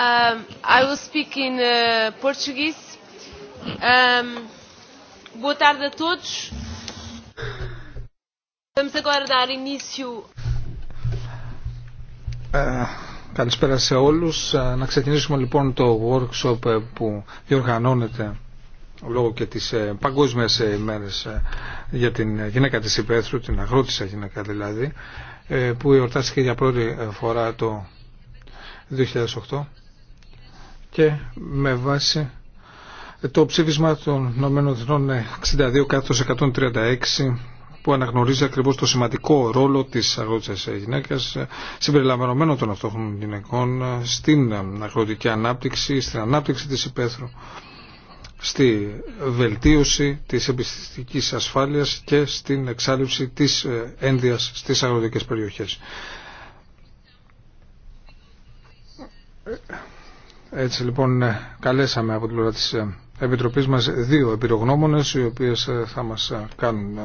Um, I will speak in uh, Portuguese. Um, boa tarde a todos. Vamos agora dar início. Uh, καλησπέρα σε όλους. Ε, να ξεκινήσουμε λοιπόν το workshop ε, που διοργανώνεται λόγω και τις ε, ημέρες για την γυναίκα της Υπέθρου, την αγρότησα γυναίκα δηλαδή, που εορτάστηκε για πρώτη φορά το 2008 και με βάση το ψήφισμα των ΗΠΑ ναι, 62-136 που αναγνωρίζει ακριβώς το σημαντικό ρόλο της αγροτικής γυναίκας συμπεριλαμβανομένων των αυτόχων γυναικών στην αγροτική ανάπτυξη, στην ανάπτυξη της υπαίθρου στη βελτίωση της εμπιστητικής ασφάλειας και στην εξάλληψη της ε, ένδυας στις αγροτικές περιοχές. Έτσι λοιπόν καλέσαμε από την πλευρά της ε, Επιτροπής μας δύο επιρρογνώμονες οι οποίες ε, θα μας ε, κάνουν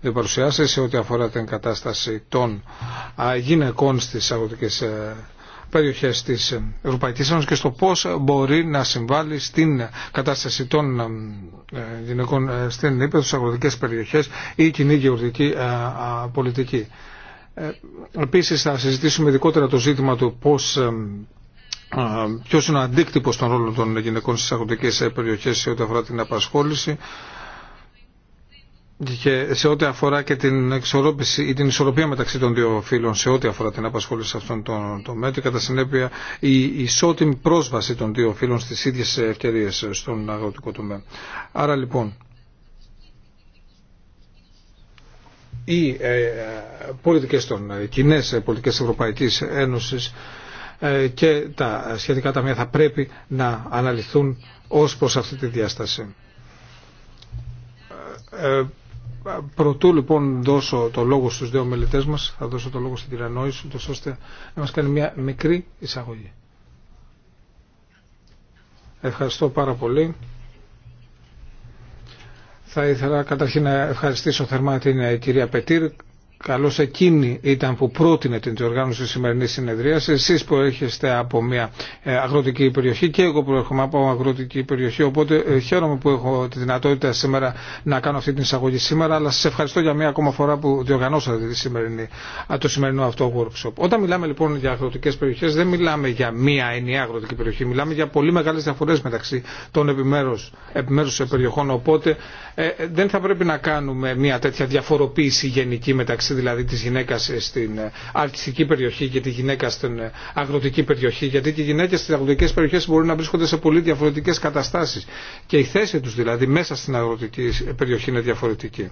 δύο παρουσιάσεις σε ό,τι αφορά την κατάσταση των γυναικών στις αγροτικές περιοχές της Ευρωπαϊκής Ένωσης και στο πώς μπορεί να συμβάλλει στην κατάσταση των γυναικών στην Ήπειρο, στις αγροτικές περιοχές ή η κοινή γεωργική πολιτική. Επίσης θα συζητήσουμε ειδικότερα το ζήτημα του πώς ποιος είναι ο αντίκτυπος των ρόλων των γυναικών στις αγροτικές περιοχές σε ό,τι αφορά την απασχόληση και σε ό,τι αφορά και την εξορρόπηση ή την ισορροπία μεταξύ των δύο φύλων σε ό,τι αφορά την απασχόληση σε αυτόν τον τομέα και κατά συνέπεια η ισότιμη πρόσβαση των δύο φύλων στις ίδιες ευκαιρίες στον αγροτικό τομέα. Άρα λοιπόν, οι ε, ε, πολιτικές των ε, κοινές πολιτικές Ευρωπαϊκής Ένωσης ε, και τα σχετικά ταμεία θα πρέπει να αναλυθούν ως προς αυτή τη διάσταση. Ε, ε, προτού λοιπόν δώσω το λόγο στους δύο μελετές μας, θα δώσω το λόγο στην κυρία Νόης, ώστε να μας κάνει μια μικρή εισαγωγή. Ευχαριστώ πάρα πολύ. Θα ήθελα καταρχήν να ευχαριστήσω θερμά την κυρία Πετήρ καλώς εκείνη ήταν που πρότεινε την διοργάνωση της σημερινής συνεδρίας. Εσείς που έρχεστε από μια ε, αγροτική περιοχή και εγώ που έρχομαι από αγροτική περιοχή, οπότε ε, χαίρομαι που έχω τη δυνατότητα σήμερα να κάνω αυτή την εισαγωγή σήμερα, αλλά σας ευχαριστώ για μια ακόμα φορά που διοργανώσατε τη σημερινή, το σημερινό αυτό workshop. Όταν μιλάμε λοιπόν για αγροτικές περιοχές, δεν μιλάμε για μια ενιαία αγροτική περιοχή, μιλάμε για πολύ μεγάλες διαφορές μεταξύ των επιμέρους, επιμέρους περιοχών, οπότε ε, ε δεν θα πρέπει να κάνουμε μια τέτοια διαφοροποίηση γενική μεταξύ μεταξύ δηλαδή της γυναίκας στην ε, αρχιστική περιοχή και τη γυναίκα στην ε, αγροτική περιοχή γιατί και οι γυναίκες στις αγροτικές περιοχές μπορεί να βρίσκονται σε πολύ διαφορετικές καταστάσεις και η θέση τους δηλαδή μέσα στην αγροτική ε, περιοχή είναι διαφορετική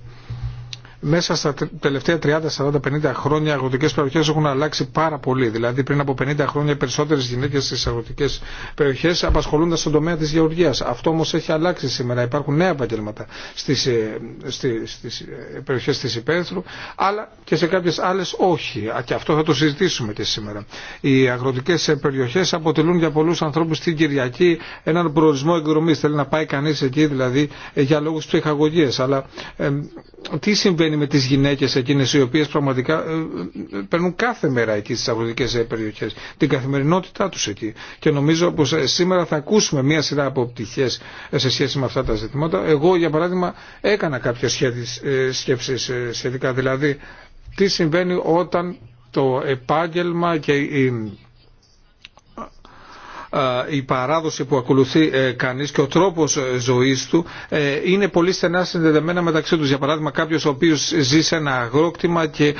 μέσα στα τελευταία 30, 40, 50 χρόνια οι αγροτικές περιοχές έχουν αλλάξει πάρα πολύ. Δηλαδή πριν από 50 χρόνια οι περισσότερες γυναίκες στις αγροτικές περιοχές απασχολούνται στον τομέα της γεωργίας. Αυτό όμως έχει αλλάξει σήμερα. Υπάρχουν νέα επαγγέλματα στις, ε, στις, στις ε, περιοχές της Υπέθρου, αλλά και σε κάποιες άλλες όχι. Και αυτό θα το συζητήσουμε και σήμερα. Οι αγροτικές περιοχές αποτελούν για πολλούς ανθρώπους την Κυριακή έναν προορισμό εκδρομής. Θέλει να πάει κανείς εκεί δηλαδή για λόγους ψυχαγωγίας. Αλλά ε, τι συμβαίνει συμβαίνει με τις γυναίκες εκείνες οι οποίες πραγματικά ε, ε, παίρνουν κάθε μέρα εκεί στις αγροτικές ε, περιοχές, την καθημερινότητά τους εκεί. Και νομίζω πως σήμερα θα ακούσουμε μία σειρά από πτυχέ σε σχέση με αυτά τα ζητήματα. Εγώ για παράδειγμα έκανα κάποιες σκέψεις σχετικά, δηλαδή τι συμβαίνει όταν το επάγγελμα και η η παράδοση που ακολουθεί ε, κανείς και ο τρόπος ε, ζωής του ε, είναι πολύ στενά συνδεδεμένα μεταξύ τους. Για παράδειγμα κάποιος ο οποίος ζει σε ένα αγρόκτημα και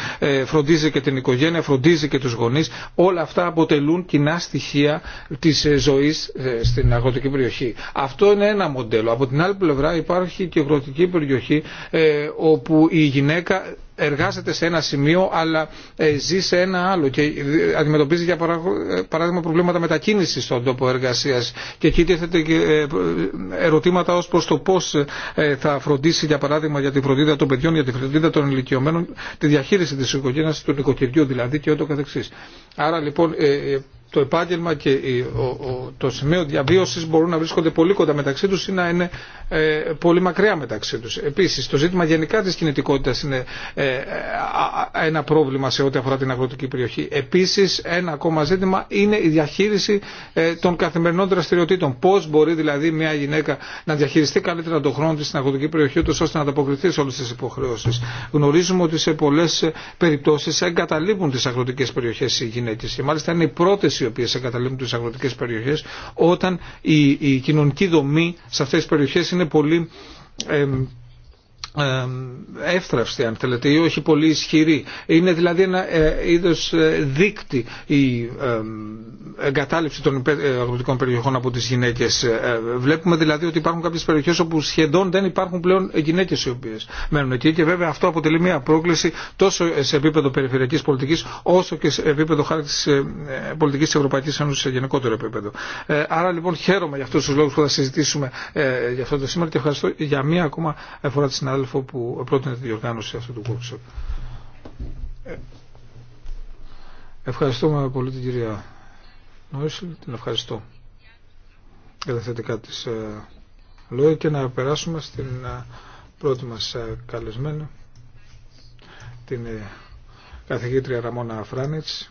φροντίζει και την οικογένεια, φροντίζει και τους γονείς, όλα αυτά αποτελούν κοινά στοιχεία της ζωής στην αγροτική περιοχή. Αυτό είναι ένα μοντέλο. Από την άλλη πλευρά υπάρχει και η αγροτική περιοχή όπου η γυναίκα εργάζεται σε ένα σημείο αλλά ε, ζει σε ένα άλλο και ε, αντιμετωπίζει για ε, παράδειγμα προβλήματα μετακίνησης στον τόπο εργασίας και εκεί τίθεται και ερωτήματα ως προς το πώς θα φροντίσει για παράδειγμα για τη φροντίδα των παιδιών, για τη φροντίδα των ηλικιωμένων, τη διαχείριση της οικογένειας, του νοικοκυριού δηλαδή και ούτω καθεξής. Άρα λοιπόν το επάγγελμα και το σημείο διαβίωσης μπορούν να βρίσκονται πολύ κοντά μεταξύ τους ή να είναι ε, πολύ μακριά μεταξύ τους. Επίσης, το ζήτημα γενικά της κινητικότητας είναι ε, ένα πρόβλημα σε ό,τι αφορά την αγροτική περιοχή. Επίσης, ένα ακόμα ζήτημα είναι η διαχείριση ε, των καθημερινών δραστηριοτήτων. Πώς μπορεί δηλαδή μια γυναίκα να διαχειριστεί καλύτερα τον χρόνο της στην αγροτική περιοχή, ούτως ώστε να ανταποκριθεί σε όλες τις υποχρεώσεις. Γνωρίζουμε ότι σε πολλές περιπτώσεις εγκαταλείπουν τις αγροτικές περιοχές οι γυναίκες και μάλιστα είναι οι πρώτες οι οποίες εγκαταλείπουν τις αγροτικές περιοχές όταν η, η κοινωνική δομή σε αυτές τις περιοχές είναι πολύ εύθραυστη αν θέλετε ή όχι πολύ ισχυρή. Είναι δηλαδή ένα ε, είδος ε, δίκτυ η εγκατάλειψη των ε, αγροτικών περιοχών από τις γυναίκες. Βλέπουμε δηλαδή ότι υπάρχουν κάποιες περιοχές όπου σχεδόν δεν υπάρχουν πλέον γυναίκες οι οποίες μένουν εκεί και βέβαια αυτό αποτελεί μια πρόκληση τόσο σε επίπεδο περιφερειακής πολιτικής όσο και σε επίπεδο χάρη ε, πολιτικής της Ευρωπαϊκής Ένωσης σε γενικότερο επίπεδο. Άρα λοιπόν χαίρομαι για αυτούς τους λόγους που θα συζητήσουμε για αυτό το σήμερα και ευχαριστώ για μία ακόμα φορά τη συνάδελφα συνάδελφο που πρότεινε τη διοργάνωση αυτού του workshop. Ε, ευχαριστούμε πολύ την κυρία Νοίσιλ. την ευχαριστώ για τα θετικά της ε, λόγια και να περάσουμε στην ε, πρώτη μας καλεσμένη, την καθηγήτρια Ραμόνα Φράνιτς,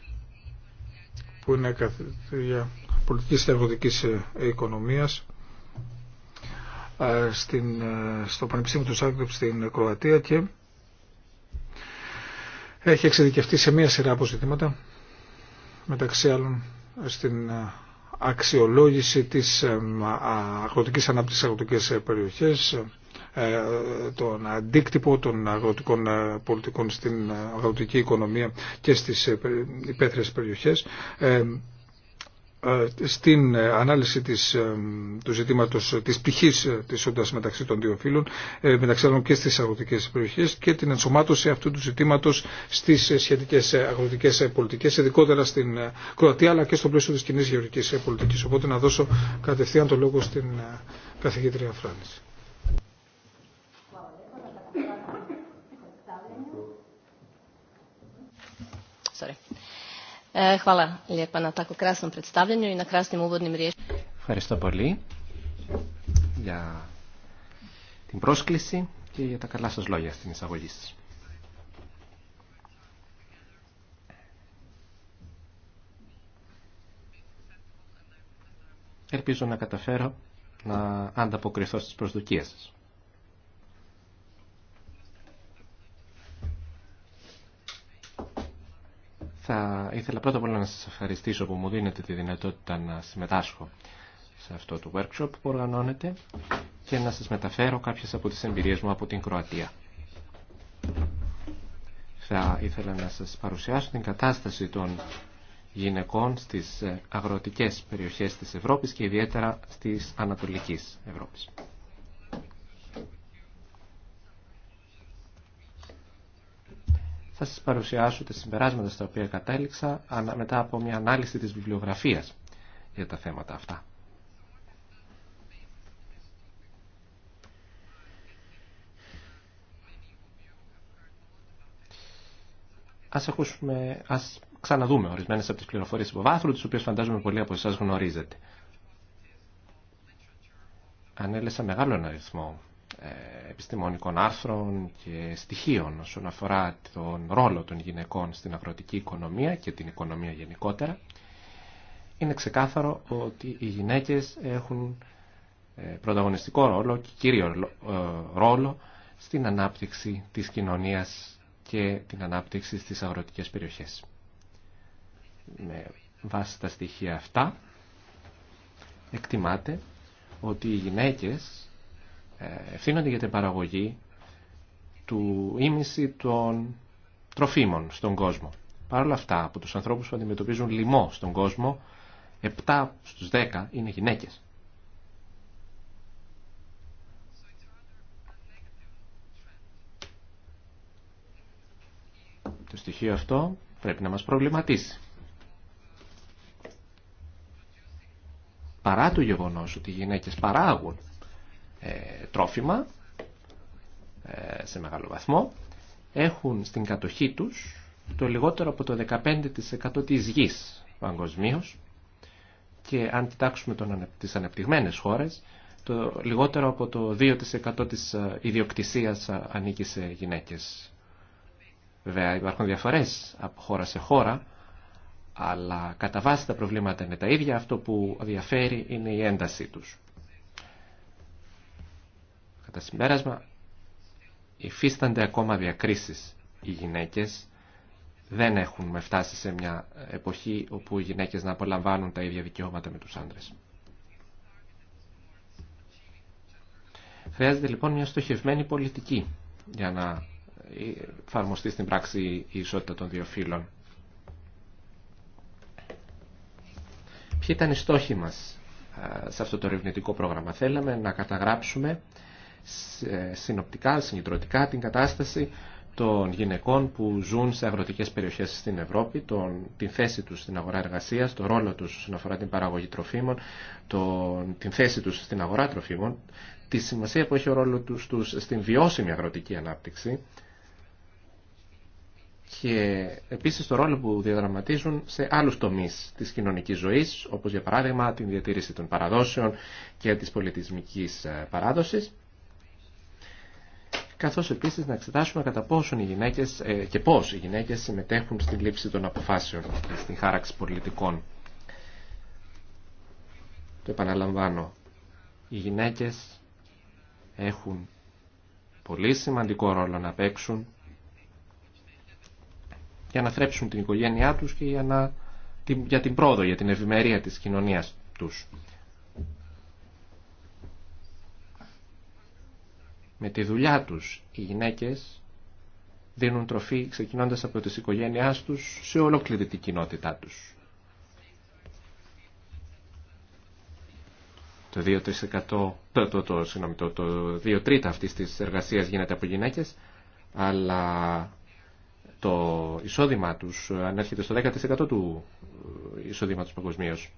που είναι καθηγήτρια πολιτικής και εργοδικής οικονομίας ε, στην, ε, στο Πανεπιστήμιο του Σάγκρεπ στην Κροατία και έχει εξειδικευτεί σε μία σειρά αποζητήματα μεταξύ άλλων στην ε, αξιολόγηση της αγροτικής ανάπτυξης αγροτικές περιοχές τον αντίκτυπο των αγροτικών πολιτικών στην αγροτική οικονομία και στις υπαίθριες περιοχές ε, στην ε, ανάλυση της, ε, του ζητήματος της πτυχής της όντας μεταξύ των δύο φύλων, μεταξύ άλλων και στις αγροτικές περιοχές και την ενσωμάτωση αυτού του ζητήματος στις σχετικές αγροτικές πολιτικές, ειδικότερα στην Κροατία αλλά και στο πλαίσιο της κοινή γεωργικής πολιτικής. Οπότε να δώσω κατευθείαν το λόγο στην καθηγήτρια Φράνης. Ε, Ευχαριστώ πολύ για την πρόσκληση και για τα καλά σας λόγια στην εισαγωγή σας. Ελπίζω να καταφέρω να ανταποκριθώ στις προσδοκίες σας. Θα ήθελα πρώτα απ' όλα να σας ευχαριστήσω που μου δίνετε τη δυνατότητα να συμμετάσχω σε αυτό το workshop που οργανώνεται και να σας μεταφέρω κάποιες από τις εμπειρίες μου από την Κροατία. Θα ήθελα να σας παρουσιάσω την κατάσταση των γυναικών στις αγροτικές περιοχές της Ευρώπης και ιδιαίτερα στις Ανατολικής Ευρώπης. θα σας παρουσιάσω τα συμπεράσματα στα οποία κατέληξα μετά από μια ανάλυση της βιβλιογραφίας για τα θέματα αυτά. Ας, ακούσουμε, ας ξαναδούμε ορισμένες από τις πληροφορίες υποβάθρου, τις οποίες φαντάζομαι πολλοί από εσάς γνωρίζετε. Ανέλεσα μεγάλο αριθμό ε, επιστημονικών άρθρων και στοιχείων όσον αφορά τον ρόλο των γυναικών στην αγροτική οικονομία και την οικονομία γενικότερα, είναι ξεκάθαρο ότι οι γυναίκες έχουν ε, πρωταγωνιστικό ρόλο και κύριο ε, ρόλο στην ανάπτυξη της κοινωνίας και την ανάπτυξη στις αγροτικές περιοχές. Με βάση τα στοιχεία αυτά, εκτιμάται ότι οι γυναίκες ευθύνονται για την παραγωγή του ίμιση των τροφίμων στον κόσμο. Παρ' όλα αυτά, από τους ανθρώπους που αντιμετωπίζουν λοιμό στον κόσμο, 7 στους 10 είναι γυναίκες. Το στοιχείο αυτό πρέπει να μας προβληματίσει. Παρά το γεγονός ότι οι γυναίκες παράγουν ε, τρόφιμα ε, σε μεγάλο βαθμό έχουν στην κατοχή τους το λιγότερο από το 15% της γης παγκοσμίω και αν κοιτάξουμε τον, τις ανεπτυγμένες χώρες το λιγότερο από το 2% της ε, ιδιοκτησίας ανήκει σε γυναίκες. Βέβαια υπάρχουν διαφορές από χώρα σε χώρα αλλά κατά βάση τα προβλήματα είναι τα ίδια αυτό που διαφέρει είναι η έντασή τους. Κατά συμπέρασμα, υφίστανται ακόμα διακρίσεις οι γυναίκες, δεν έχουμε φτάσει σε μια εποχή όπου οι γυναίκες να απολαμβάνουν τα ίδια δικαιώματα με τους άντρες. Χρειάζεται λοιπόν μια στοχευμένη πολιτική για να εφαρμοστεί στην πράξη η ισότητα των δύο φύλων. Ποιοι ήταν οι στόχοι μας ε, σε αυτό το ερευνητικό πρόγραμμα. Θέλαμε να καταγράψουμε συνοπτικά, συγκεντρωτικά την κατάσταση των γυναικών που ζουν σε αγροτικές περιοχές στην Ευρώπη, τον, την θέση τους στην αγορά εργασίας, το ρόλο τους όσον αφορά την παραγωγή τροφίμων, τον, την θέση τους στην αγορά τροφίμων, τη σημασία που έχει ο ρόλο τους, τους στην βιώσιμη αγροτική ανάπτυξη και επίσης το ρόλο που διαδραματίζουν σε άλλους τομείς της κοινωνικής ζωής, όπως για παράδειγμα την διατήρηση των παραδόσεων και της πολιτισμικής ε, παράδοσης καθώς επίσης να εξετάσουμε κατά πόσον οι γυναίκες ε, και πώς οι γυναίκες συμμετέχουν στην λήψη των αποφάσεων και στην χάραξη πολιτικών. Το επαναλαμβάνω. Οι γυναίκες έχουν πολύ σημαντικό ρόλο να παίξουν για να θρέψουν την οικογένειά τους και για, να, για την πρόοδο, για την ευημερία της κοινωνίας τους. με τη δουλειά τους οι γυναίκες δίνουν τροφή ξεκινώντας από τις οικογένειάς τους σε ολόκληρη την κοινότητά τους. Το 2, το, το, το, το, 2 τρίτα αυτής της εργασίας γίνεται από γυναίκες, αλλά το εισόδημα τους ανέρχεται στο 10% του εισόδηματος παγκοσμίως.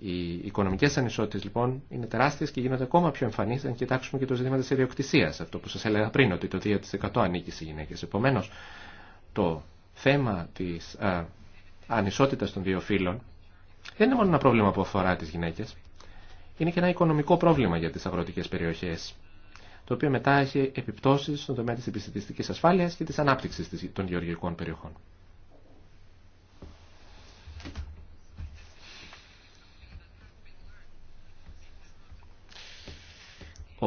Οι οικονομικέ ανισότητε λοιπόν είναι τεράστιε και γίνονται ακόμα πιο εμφανεί αν κοιτάξουμε και το ζήτημα τη ιδιοκτησία. Αυτό που σα έλεγα πριν, ότι το 2% ανήκει στι γυναίκε. Επομένω, το θέμα τη ανισότητα των δύο φύλων δεν είναι μόνο ένα πρόβλημα που αφορά τι γυναίκε. Είναι και ένα οικονομικό πρόβλημα για τι αγροτικέ περιοχέ, το οποίο μετά έχει επιπτώσει στον τομέα τη επιστημιστική ασφάλεια και τη ανάπτυξη των γεωργικών περιοχών.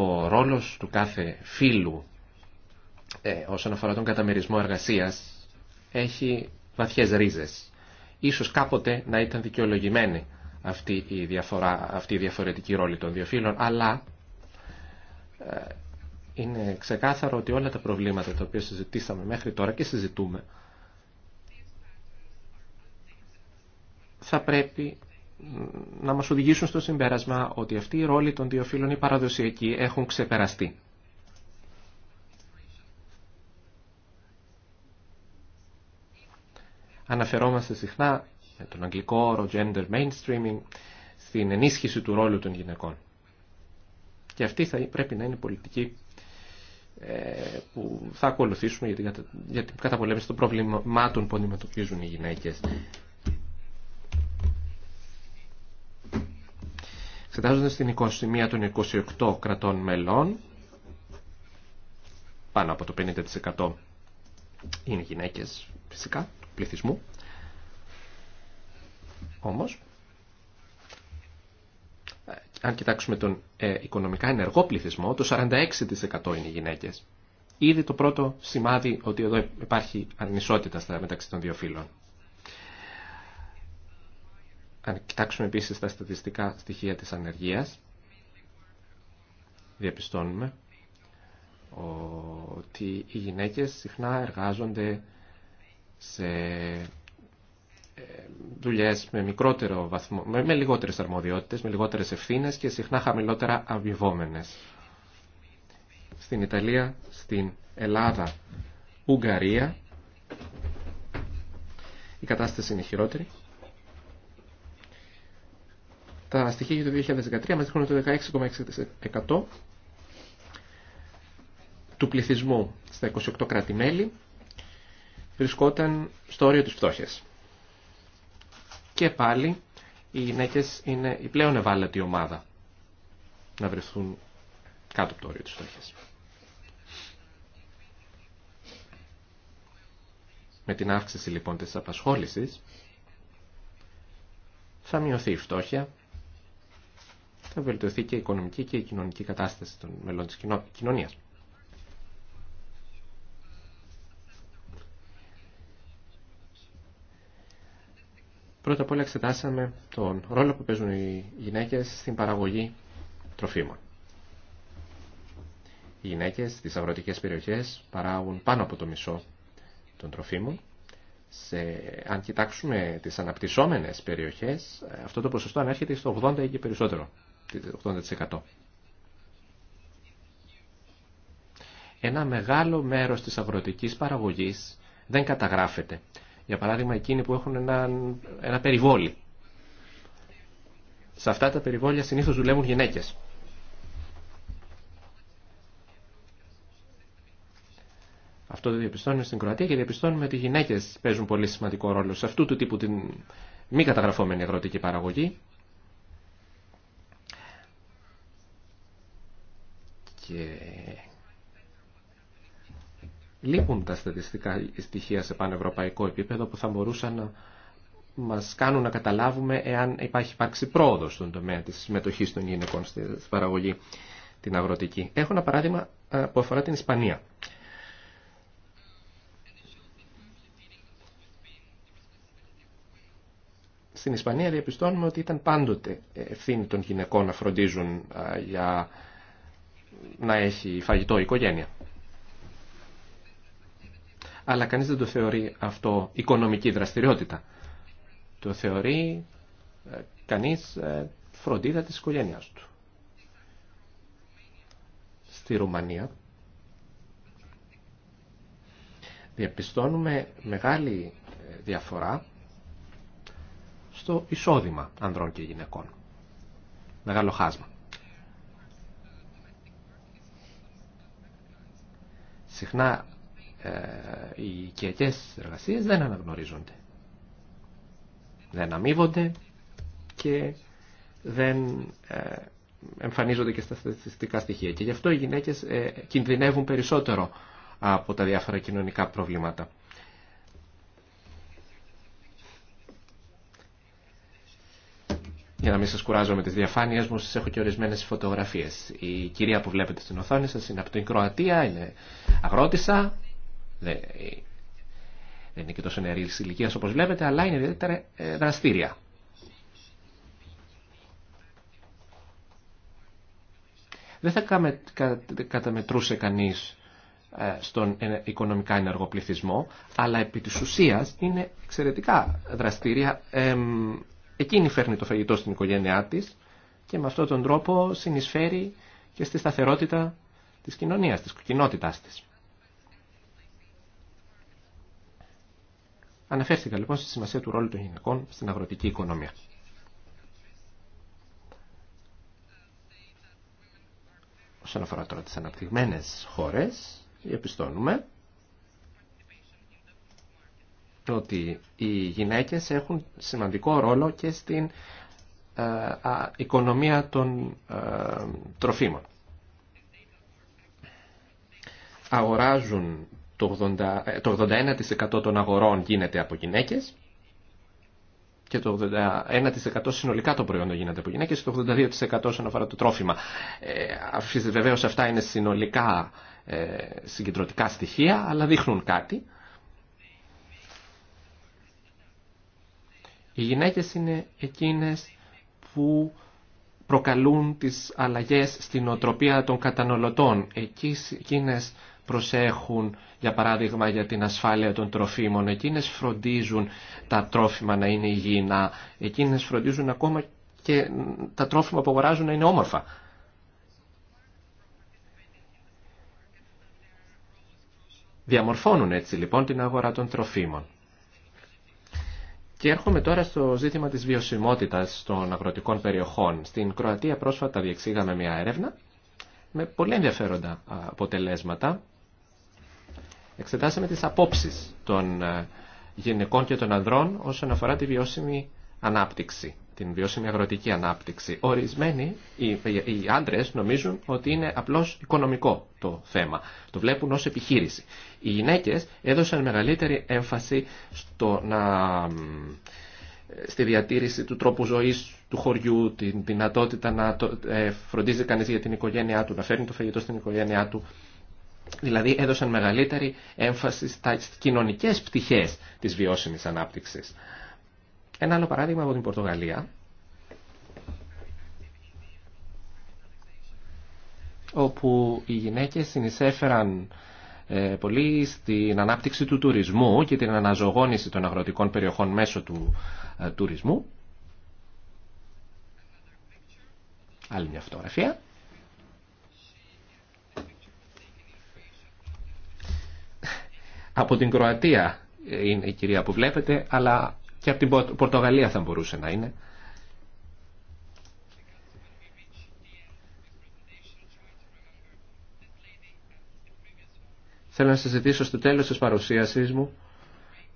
ο ρόλος του κάθε φίλου ε, όσον αφορά τον καταμερισμό εργασίας έχει βαθιές ρίζες. Ίσως κάποτε να ήταν δικαιολογημένη αυτή η, αυτή η διαφορετική ρόλη των δύο φύλων, αλλά ε, είναι ξεκάθαρο ότι όλα τα προβλήματα τα οποία συζητήσαμε μέχρι τώρα και συζητούμε θα πρέπει να μας οδηγήσουν στο συμπέρασμα ότι αυτοί οι ρόλοι των δύο φίλων οι παραδοσιακοί έχουν ξεπεραστεί. Αναφερόμαστε συχνά με τον αγγλικό όρο gender mainstreaming στην ενίσχυση του ρόλου των γυναικών. Και αυτή θα πρέπει να είναι πολιτική ε, που θα ακολουθήσουμε για την καταπολέμηση των προβλημάτων που αντιμετωπίζουν οι γυναίκες εξετάζονται στην 21 των 28 κρατών μελών, πάνω από το 50% είναι γυναίκες φυσικά του πληθυσμού, όμως αν κοιτάξουμε τον ε, οικονομικά ενεργό πληθυσμό, το 46% είναι γυναίκες. Ήδη το πρώτο σημάδι ότι εδώ υπάρχει ανισότητα μεταξύ των δύο φύλων. Αν κοιτάξουμε επίσης τα στατιστικά στοιχεία της ανεργίας, διαπιστώνουμε ότι οι γυναίκες συχνά εργάζονται σε ε, δουλειές με μικρότερο βαθμό, με λιγότερες αρμοδιότητες, με λιγότερες ευθύνες και συχνά χαμηλότερα αμοιβόμενες. Στην Ιταλία, στην Ελλάδα, Ουγγαρία η κατάσταση είναι χειρότερη. Τα στοιχεία για το 2013 μας δείχνουν το 16,6% του πληθυσμού στα 28 κράτη-μέλη βρισκόταν στο όριο της φτώχειας. Και πάλι οι γυναίκες είναι η πλέον ευάλωτη ομάδα να βρεθούν κάτω από το όριο της φτώχειας. Με την αύξηση λοιπόν της απασχόλησης θα μειωθεί η φτώχεια θα βελτιωθεί και η οικονομική και η κοινωνική κατάσταση των μελών της κοινωνίας. Πρώτα απ' όλα εξετάσαμε τον ρόλο που παίζουν οι γυναίκες στην παραγωγή τροφίμων. Οι γυναίκες στις αγροτικές περιοχές παράγουν πάνω από το μισό των τροφίμων. Σε, αν κοιτάξουμε τις αναπτυσσόμενες περιοχές, ε, αυτό το ποσοστό ανέρχεται στο 80% ή και περισσότερο. 80%. Ένα μεγάλο μέρος της αγροτικής παραγωγής δεν καταγράφεται. Για παράδειγμα εκείνοι που έχουν ένα, ένα περιβόλι. Σε αυτά τα περιβόλια συνήθως δουλεύουν γυναίκες. Αυτό το διαπιστώνουμε στην Κροατία και διαπιστώνουμε ότι οι γυναίκες παίζουν πολύ σημαντικό ρόλο σε αυτού του τύπου την μη καταγραφόμενη αγροτική παραγωγή και λείπουν τα στατιστικά στοιχεία σε πανευρωπαϊκό επίπεδο που θα μπορούσαν να μας κάνουν να καταλάβουμε εάν υπάρχει υπάρξει πρόοδος στον τομέα της συμμετοχής των γυναικών στην παραγωγή την αγροτική. Έχω ένα παράδειγμα ε, που αφορά την Ισπανία. Στην Ισπανία διαπιστώνουμε ότι ήταν πάντοτε ευθύνη των γυναικών να φροντίζουν ε, για να έχει φαγητό η οικογένεια. Αλλά κανείς δεν το θεωρεί αυτό οικονομική δραστηριότητα. Το θεωρεί ε, κανείς ε, φροντίδα της οικογένειάς του. Στη Ρουμανία διαπιστώνουμε μεγάλη ε, διαφορά στο εισόδημα ανδρών και γυναικών. Μεγάλο χάσμα. Συχνά ε, οι οικιακές εργασίες δεν αναγνωρίζονται. Δεν αμείβονται και δεν ε, εμφανίζονται και στα στατιστικά στοιχεία. Και γι' αυτό οι γυναίκες ε, κινδυνεύουν περισσότερο από τα διάφορα κοινωνικά προβλήματα. Για να μην σα κουράζω με τις διαφάνειες μου, σα έχω και ορισμένε φωτογραφίες. Η κυρία που βλέπετε στην οθόνη σας είναι από την Κροατία, είναι αγρότησα, δεν είναι και τόσο νεαρή ηλικία όπως βλέπετε, αλλά είναι ιδιαίτερα ε, δραστήρια. Δεν θα καταμετρούσε κανείς ε, στον ε, οικονομικά ενεργό πληθυσμό, αλλά επί της ουσίας είναι εξαιρετικά δραστήρια, εκείνη φέρνει το φαγητό στην οικογένειά της και με αυτόν τον τρόπο συνεισφέρει και στη σταθερότητα της κοινωνίας, της κοινότητάς της. Αναφέρθηκα λοιπόν στη σημασία του ρόλου των γυναικών στην αγροτική οικονομία. Όσον αφορά τώρα τις αναπτυγμένες χώρες, διαπιστώνουμε ότι οι γυναίκες έχουν σημαντικό ρόλο και στην ε, οικονομία των ε, τροφίμων. Αγοράζουν το 81% ε, των αγορών γίνεται από γυναίκες και το 81% συνολικά το προϊόντο γίνεται από γυναίκες και το 82% όσον αφορά το τρόφιμα. Ε, βεβαίως αυτά είναι συνολικά συγκεντρωτικά στοιχεία αλλά δείχνουν κάτι. Οι γυναίκες είναι εκείνες που προκαλούν τις αλλαγές στην οτροπία των κατανολωτών. Εκείνες προσέχουν, για παράδειγμα, για την ασφάλεια των τροφίμων. Εκείνες φροντίζουν τα τρόφιμα να είναι υγιεινά. Εκείνες φροντίζουν ακόμα και τα τρόφιμα που αγοράζουν να είναι όμορφα. Διαμορφώνουν έτσι λοιπόν την αγορά των τροφίμων. Και έρχομαι τώρα στο ζήτημα της βιωσιμότητας των αγροτικών περιοχών. Στην Κροατία πρόσφατα διεξήγαμε μια έρευνα με πολύ ενδιαφέροντα αποτελέσματα. Εξετάσαμε τις απόψεις των ε, γυναικών και των ανδρών όσον αφορά τη βιώσιμη ανάπτυξη την βιώσιμη αγροτική ανάπτυξη. Ορισμένοι, οι, οι άντρε, νομίζουν ότι είναι απλώ οικονομικό το θέμα. Το βλέπουν ω επιχείρηση. Οι γυναίκε έδωσαν μεγαλύτερη έμφαση στο να, στη διατήρηση του τρόπου ζωή του χωριού, την δυνατότητα να ε, φροντίζει κανεί για την οικογένειά του, να φέρνει το φαγητό στην οικογένειά του. Δηλαδή έδωσαν μεγαλύτερη έμφαση στα κοινωνικές πτυχές της βιώσιμης ανάπτυξης. Ένα άλλο παράδειγμα από την Πορτογαλία, όπου οι γυναίκες συνεισέφεραν ε, πολύ στην ανάπτυξη του τουρισμού και την αναζωγόνηση των αγροτικών περιοχών μέσω του ε, τουρισμού. Άλλη μια φωτογραφία. Από την Κροατία είναι η κυρία που βλέπετε, αλλά και από την Πορτογαλία θα μπορούσε να είναι. Θέλω να σας ζητήσω στο τέλος της παρουσίασής μου,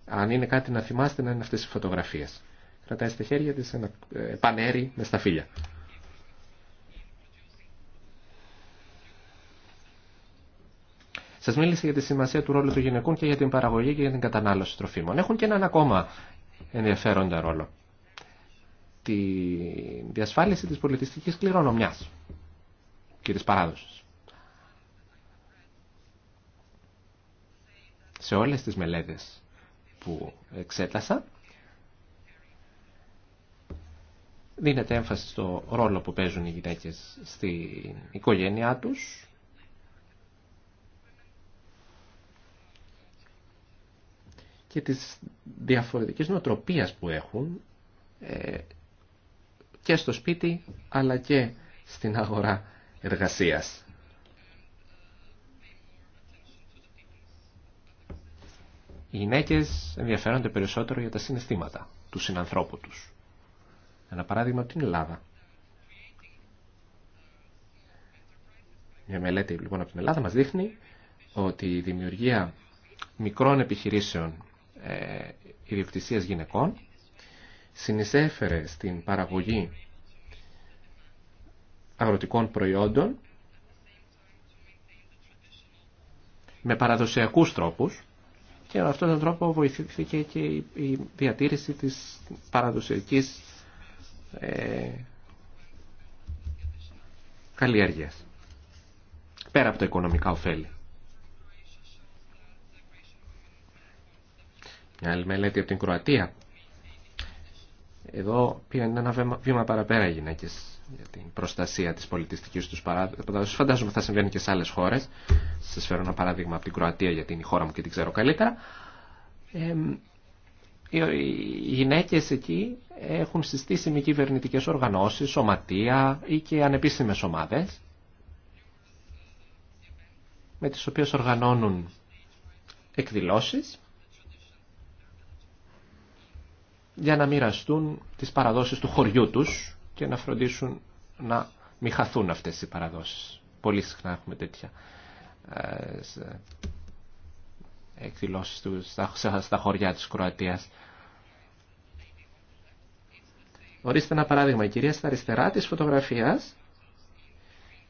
αν είναι κάτι να θυμάστε, να είναι αυτές οι φωτογραφίες. Κρατάει στα χέρια της ένα ε, πανέρι με σταφύλια. Σας μίλησα για τη σημασία του ρόλου του γυναικών και για την παραγωγή και για την κατανάλωση τροφίμων. Έχουν και έναν ακόμα ενδιαφέροντα ρόλο. Τη διασφάλιση της πολιτιστικής κληρονομιάς και της παράδοσης. Σε όλες τις μελέτες που εξέτασα, δίνεται έμφαση στο ρόλο που παίζουν οι γυναίκες στην οικογένειά τους, και τις διαφορετικής νοοτροπίας που έχουν ε, και στο σπίτι αλλά και στην αγορά εργασίας. Οι γυναίκες ενδιαφέρονται περισσότερο για τα συναισθήματα του συνανθρώπου τους. Ένα παράδειγμα από την Ελλάδα. Μια μελέτη λοιπόν από την Ελλάδα μας δείχνει ότι η δημιουργία μικρών επιχειρήσεων ε, ιδιοκτησίας γυναικών, συνεισέφερε στην παραγωγή αγροτικών προϊόντων με παραδοσιακούς τρόπους και με αυτόν τον τρόπο βοηθήθηκε και η διατήρηση της παραδοσιακής ε, καλλιέργειας. Πέρα από τα οικονομικά ωφέλη. μια άλλη μελέτη από την Κροατία. Εδώ πήγαν ένα βήμα, παραπέρα οι γυναίκε για την προστασία τη πολιτιστική του παράδοση. Φαντάζομαι θα συμβαίνει και σε άλλε χώρε. Σα φέρω ένα παράδειγμα από την Κροατία, γιατί είναι η χώρα μου και την ξέρω καλύτερα. οι γυναίκε εκεί έχουν συστήσει μη κυβερνητικέ οργανώσει, σωματεία ή και ανεπίσημε ομάδε με τις οποίες οργανώνουν εκδηλώσεις για να μοιραστούν τις παραδόσεις του χωριού τους και να φροντίσουν να μην χαθούν αυτές οι παραδόσεις. Πολύ συχνά έχουμε τέτοια ε, εκδηλώσεις στα χωριά της Κροατίας. Ορίστε ένα παράδειγμα. Η κυρία στα αριστερά της φωτογραφίας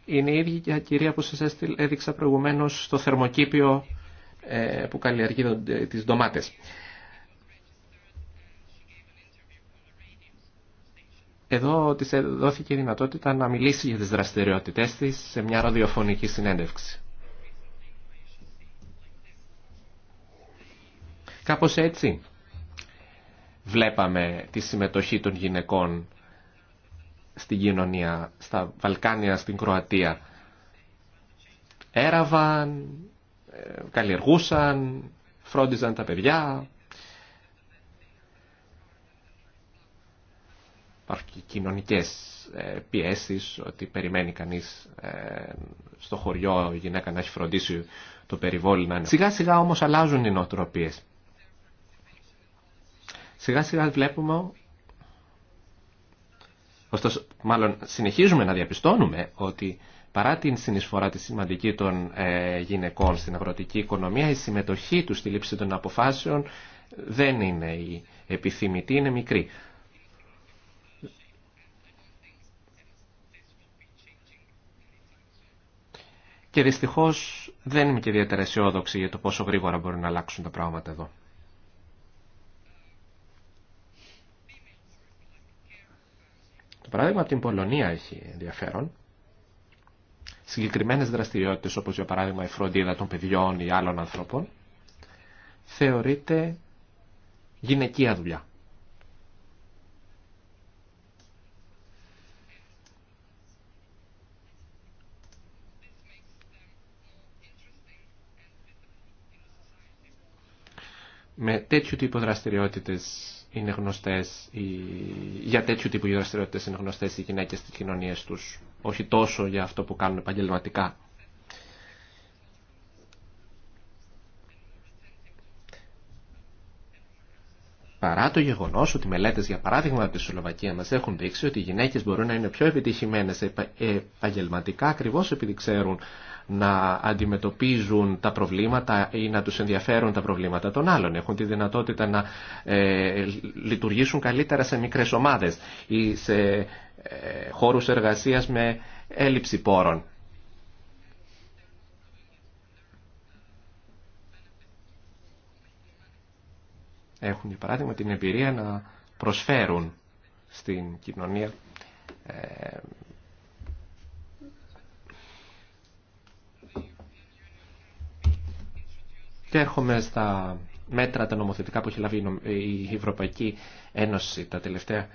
είναι η ίδια κυρία που σας έδειξα προηγουμένως στο θερμοκήπιο ε, που καλλιεργεί ε, τις ντομάτες. Εδώ τη δόθηκε η δυνατότητα να μιλήσει για τις δραστηριότητε τη σε μια ραδιοφωνική συνέντευξη. Κάπω έτσι βλέπαμε τη συμμετοχή των γυναικών στην κοινωνία, στα Βαλκάνια, στην Κροατία. Έραβαν, ε, καλλιεργούσαν, φρόντιζαν τα παιδιά, κοινωνικές ε, πιέσεις, ότι περιμένει κανείς ε, στο χωριό η γυναίκα να έχει φροντίσει το περιβόλι να είναι. Σιγά σιγά όμως αλλάζουν οι νοοτροπίες. Σιγά σιγά βλέπουμε, ωστόσο μάλλον συνεχίζουμε να διαπιστώνουμε ότι παρά την συνεισφορά τη σημαντική των ε, γυναικών στην αγροτική οικονομία, η συμμετοχή τους στη λήψη των αποφάσεων δεν είναι η επιθυμητή, είναι μικρή. Και δυστυχώ δεν είμαι και ιδιαίτερα αισιόδοξη για το πόσο γρήγορα μπορούν να αλλάξουν τα πράγματα εδώ. Το παράδειγμα από την Πολωνία έχει ενδιαφέρον. Συγκεκριμένες δραστηριότητες όπως για παράδειγμα η φροντίδα των παιδιών ή άλλων ανθρώπων θεωρείται γυναικεία δουλειά. με τέτοιου τύπου δραστηριότητε είναι γνωστές, για τέτοιου τύπου δραστηριότητε είναι γνωστέ οι γυναίκε στι κοινωνίε του, όχι τόσο για αυτό που κάνουν επαγγελματικά. Παρά το γεγονό ότι μελέτε, για παράδειγμα, από τη Σλοβακία μα έχουν δείξει ότι οι γυναίκε μπορούν να είναι πιο επιτυχημένε επαγγελματικά ακριβώ επειδή ξέρουν να αντιμετωπίζουν τα προβλήματα ή να του ενδιαφέρουν τα προβλήματα των άλλων. Έχουν τη δυνατότητα να ε, λειτουργήσουν καλύτερα σε μικρέ ομάδε ή σε ε, χώρου εργασία με έλλειψη πόρων. έχουν για παράδειγμα την εμπειρία να προσφέρουν στην κοινωνία ε, και έρχομαι στα μέτρα τα νομοθετικά που έχει λάβει η Ευρωπαϊκή Ένωση τα τελευταία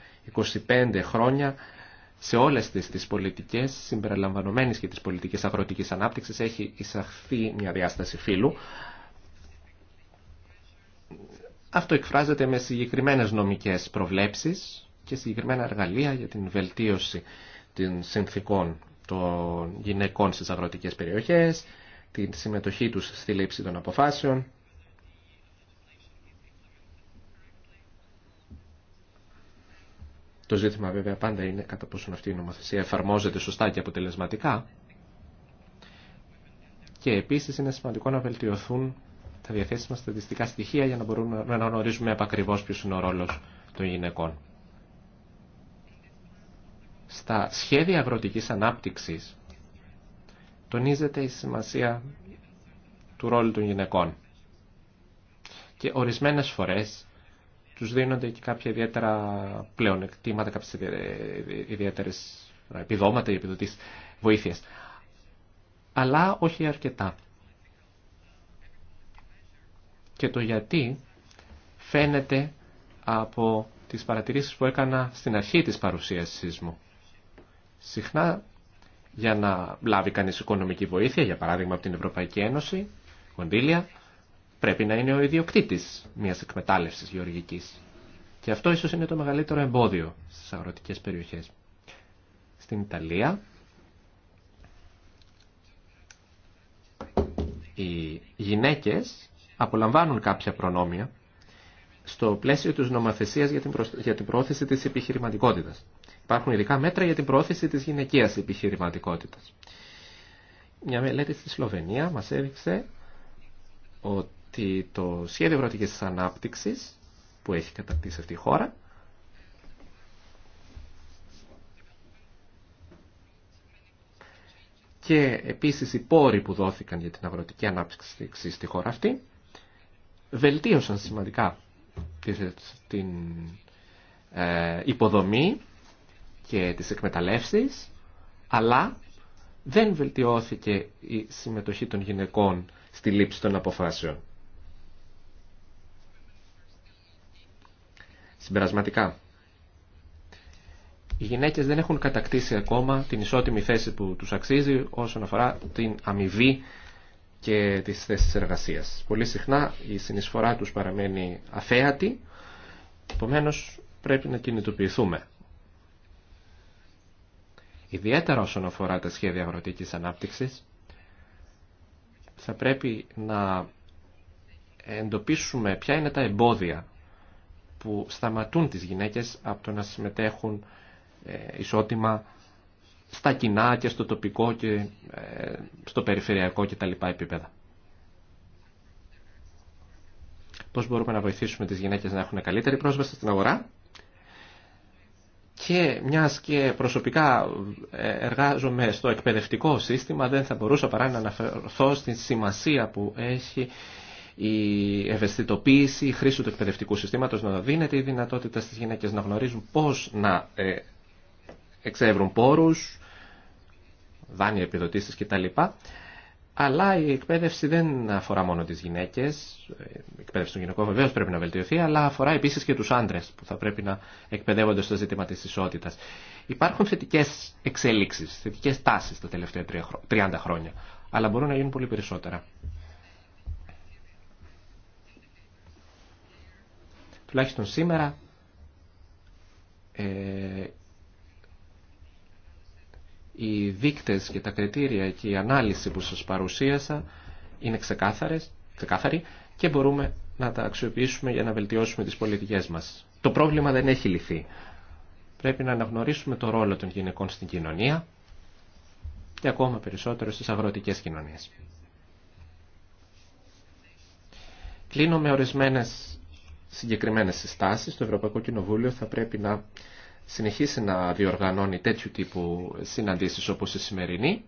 25 χρόνια σε όλες τις, τις πολιτικές, συμπεριλαμβανομένες και τις πολιτικές αγροτικής ανάπτυξης, έχει εισαχθεί μια διάσταση φύλου. Αυτό εκφράζεται με συγκεκριμένες νομικές προβλέψεις και συγκεκριμένα εργαλεία για την βελτίωση των συνθήκων των γυναικών στις αγροτικές περιοχές, την συμμετοχή τους στη λήψη των αποφάσεων. Το ζήτημα βέβαια πάντα είναι κατά πόσον αυτή η νομοθεσία εφαρμόζεται σωστά και αποτελεσματικά. Και επίσης είναι σημαντικό να βελτιωθούν τα διαθέσιμα στατιστικά στοιχεία για να μπορούμε να γνωρίζουμε επακριβώ ποιο είναι ο ρόλο των γυναικών. Στα σχέδια αγροτικής ανάπτυξη τονίζεται η σημασία του ρόλου των γυναικών. Και ορισμένες φορές τους δίνονται και κάποια ιδιαίτερα πλέον εκτίματα, κάποιες ιδιαίτερες επιδόματα ή επιδοτήσεις βοήθεια. Αλλά όχι αρκετά και το γιατί φαίνεται από τις παρατηρήσεις που έκανα στην αρχή της παρουσίασής μου. Συχνά για να λάβει κανείς οικονομική βοήθεια, για παράδειγμα από την Ευρωπαϊκή Ένωση, κοντήλια, πρέπει να είναι ο ιδιοκτήτης μιας εκμετάλλευσης γεωργικής. Και αυτό ίσως είναι το μεγαλύτερο εμπόδιο στις αγροτικές περιοχές. Στην Ιταλία, οι γυναίκες απολαμβάνουν κάποια προνόμια στο πλαίσιο της νομοθεσίας για την, για την πρόθεση της επιχειρηματικότητας. Υπάρχουν ειδικά μέτρα για την πρόθεση της γυναικείας επιχειρηματικότητας. Μια μελέτη στη Σλοβενία μας έδειξε ότι το σχέδιο ευρωτικής ανάπτυξης που έχει κατακτήσει αυτή η χώρα και επίσης οι πόροι που δόθηκαν για την αγροτική ανάπτυξη στη χώρα αυτή βελτίωσαν σημαντικά την ε, υποδομή και τις εκμεταλλεύσεις, αλλά δεν βελτιώθηκε η συμμετοχή των γυναικών στη λήψη των αποφάσεων. Συμπερασματικά, οι γυναίκες δεν έχουν κατακτήσει ακόμα την ισότιμη θέση που τους αξίζει όσον αφορά την αμοιβή και τις θέσεις εργασίας. Πολύ συχνά η συνεισφορά τους παραμένει αφέατη, επομένω πρέπει να κινητοποιηθούμε. Ιδιαίτερα όσον αφορά τα σχέδια αγροτικής ανάπτυξης, θα πρέπει να εντοπίσουμε ποια είναι τα εμπόδια που σταματούν τις γυναίκες από το να συμμετέχουν ε, ισότιμα στα κοινά και στο τοπικό και ε, στο περιφερειακό και τα λοιπά επίπεδα. Πώς μπορούμε να βοηθήσουμε τις γυναίκες να έχουν καλύτερη πρόσβαση στην αγορά. Και μιας και προσωπικά ε, εργάζομαι στο εκπαιδευτικό σύστημα, δεν θα μπορούσα παρά να αναφερθώ στη σημασία που έχει η ευαισθητοποίηση, η χρήση του εκπαιδευτικού συστήματος να δίνεται η δυνατότητα στις γυναίκες να γνωρίζουν πώς να ε, εξεύρουν πόρους, δάνεια επιδοτήσεις κτλ. Αλλά η εκπαίδευση δεν αφορά μόνο τις γυναίκες, η εκπαίδευση των γυναικών βεβαίως πρέπει να βελτιωθεί, αλλά αφορά επίσης και τους άντρες που θα πρέπει να εκπαιδεύονται στο ζήτημα της ισότητας. Υπάρχουν θετικές εξέλιξεις, θετικές τάσεις τα τελευταία 30 χρόνια, αλλά μπορούν να γίνουν πολύ περισσότερα. Τουλάχιστον σήμερα ε, οι δείκτες και τα κριτήρια και η ανάλυση που σας παρουσίασα είναι ξεκάθαρες, ξεκάθαροι και μπορούμε να τα αξιοποιήσουμε για να βελτιώσουμε τις πολιτικές μας. Το πρόβλημα δεν έχει λυθεί. Πρέπει να αναγνωρίσουμε το ρόλο των γυναικών στην κοινωνία και ακόμα περισσότερο στις αγροτικές κοινωνίες. Κλείνω με ορισμένες συγκεκριμένες συστάσεις. Το Ευρωπαϊκό Κοινοβούλιο θα πρέπει να συνεχίσει να διοργανώνει τέτοιου τύπου συναντήσεις όπως η σημερινή.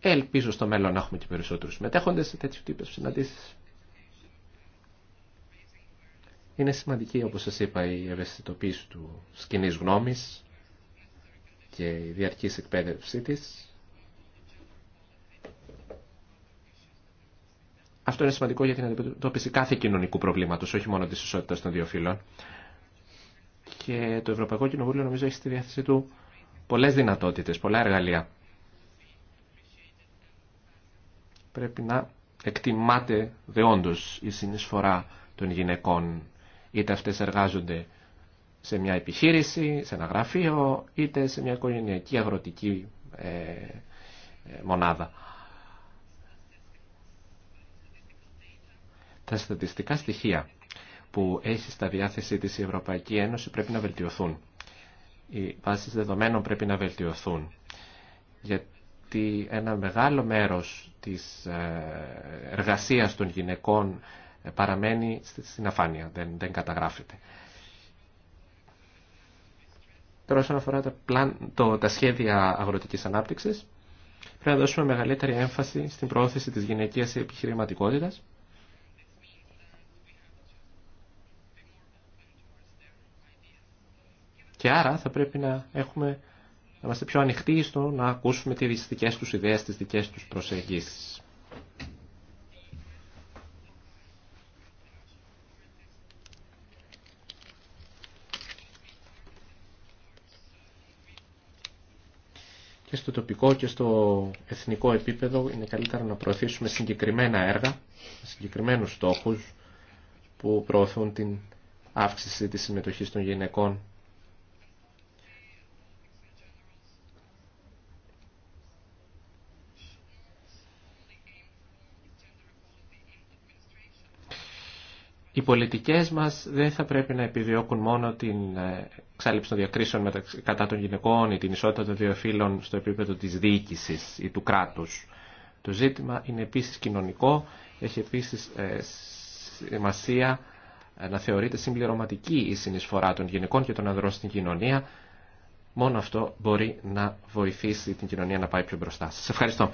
Ελπίζω στο μέλλον να έχουμε και περισσότερους μετέχοντες σε τέτοιου τύπου συναντήσεις. Είναι σημαντική, όπως σας είπα, η ευαισθητοποίηση του σκηνής γνώμης και η διαρκής εκπαίδευσή της. Αυτό είναι σημαντικό για την αντιμετώπιση κάθε κοινωνικού προβλήματος, όχι μόνο της ισότητας των δύο φύλων και το Ευρωπαϊκό Κοινοβούλιο νομίζω έχει στη διάθεσή του πολλές δυνατότητες, πολλά εργαλεία. Πρέπει να εκτιμάται δεόντως η συνεισφορά των γυναικών, είτε αυτές εργάζονται σε μια επιχείρηση, σε ένα γραφείο, είτε σε μια οικογενειακή αγροτική ε, ε μονάδα. Τα στατιστικά στοιχεία που έχει στα διάθεσή της η Ευρωπαϊκή Ένωση πρέπει να βελτιωθούν. Οι βάσεις δεδομένων πρέπει να βελτιωθούν. Γιατί ένα μεγάλο μέρος της ε, εργασίας των γυναικών ε, παραμένει στην αφάνεια, δεν, δεν καταγράφεται. Τώρα όσον αφορά τα, το, τα σχέδια αγροτικής ανάπτυξης, πρέπει να δώσουμε μεγαλύτερη έμφαση στην πρόθεση της γυναικείας επιχειρηματικότητας Και άρα θα πρέπει να, έχουμε, να είμαστε πιο ανοιχτοί στο να ακούσουμε τις δικές τους ιδέες, τις δικές τους προσεγγίσεις. και στο τοπικό και στο εθνικό επίπεδο είναι καλύτερα να προωθήσουμε συγκεκριμένα έργα, συγκεκριμένους στόχους που προωθούν την αύξηση της συμμετοχής των γυναικών Οι πολιτικές μας δεν θα πρέπει να επιδιώκουν μόνο την ε, εξάλληψη των διακρίσεων κατά των γυναικών ή την ισότητα των δύο φύλων στο επίπεδο της διοίκησης ή του κράτους. Το ζήτημα είναι επίσης κοινωνικό, έχει επίσης ε, σημασία ε, να θεωρείται συμπληρωματική η συνεισφορά των γυναικών και των ανδρών στην κοινωνία. Μόνο αυτό μπορεί να βοηθήσει την κοινωνία να πάει πιο μπροστά. Σας ευχαριστώ.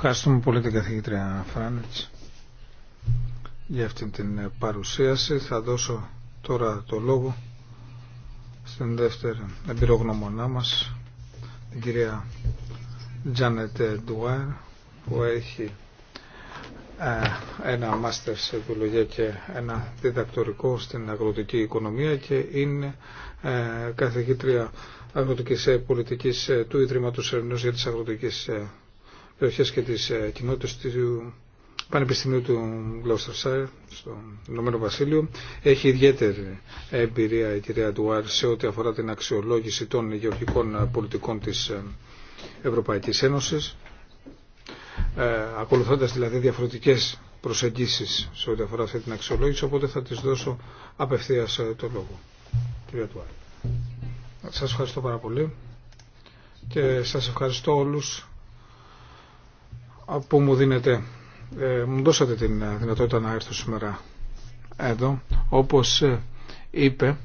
Ευχαριστούμε πολύ την καθηγήτρια Φράνιτς για αυτή την παρουσίαση. Θα δώσω τώρα το λόγο στην δεύτερη εμπειρογνωμονά μας, την κυρία Τζάνετ Ντουάρ, που έχει ε, ένα μάστερ σε βιολογία και ένα διδακτορικό στην αγροτική οικονομία και είναι ε, καθηγήτρια αγροτικής ε, πολιτικής του Ιδρύματος Ερευνούς για τις Αγροτικές περιοχέ και τις ε, κοινότητε του Πανεπιστημίου του Gloucestershire στο Ηνωμένο Βασίλειο. Έχει ιδιαίτερη εμπειρία η κυρία Ντουάρ σε ό,τι αφορά την αξιολόγηση των γεωργικών πολιτικών της ε, Ευρωπαϊκής Ένωσης, ε, ακολουθώντας δηλαδή διαφορετικές προσεγγίσεις σε ό,τι αφορά αυτή την αξιολόγηση, οπότε θα της δώσω απευθείας το λόγο. Κυρία Ντουάρ. Σας ευχαριστώ πάρα πολύ και σας ευχαριστώ όλους που μου δίνετε. Ε, μου δώσατε την ε, δυνατότητα να έρθω σήμερα εδώ. Όπως ε, είπε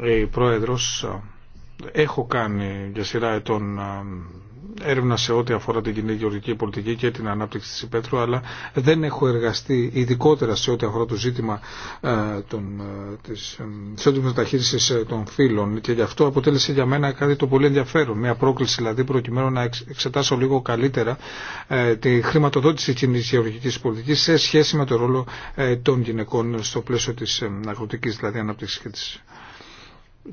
η Πρόεδρος, έχω κάνει για σειρά ετών έρευνα σε ό,τι αφορά την κοινή γεωργική πολιτική και την ανάπτυξη της υπέτρου, αλλά δεν έχω εργαστεί ειδικότερα σε ό,τι αφορά το ζήτημα ε, των, ε, της, ε, σε των φύλων και γι' αυτό αποτέλεσε για μένα κάτι το πολύ ενδιαφέρον. Μια πρόκληση δηλαδή προκειμένου να εξετάσω λίγο καλύτερα τη χρηματοδότηση κοινή γεωργική πολιτική σε σχέση με το ρόλο των γυναικών στο πλαίσιο της αγροτική δηλαδή ανάπτυξη και τη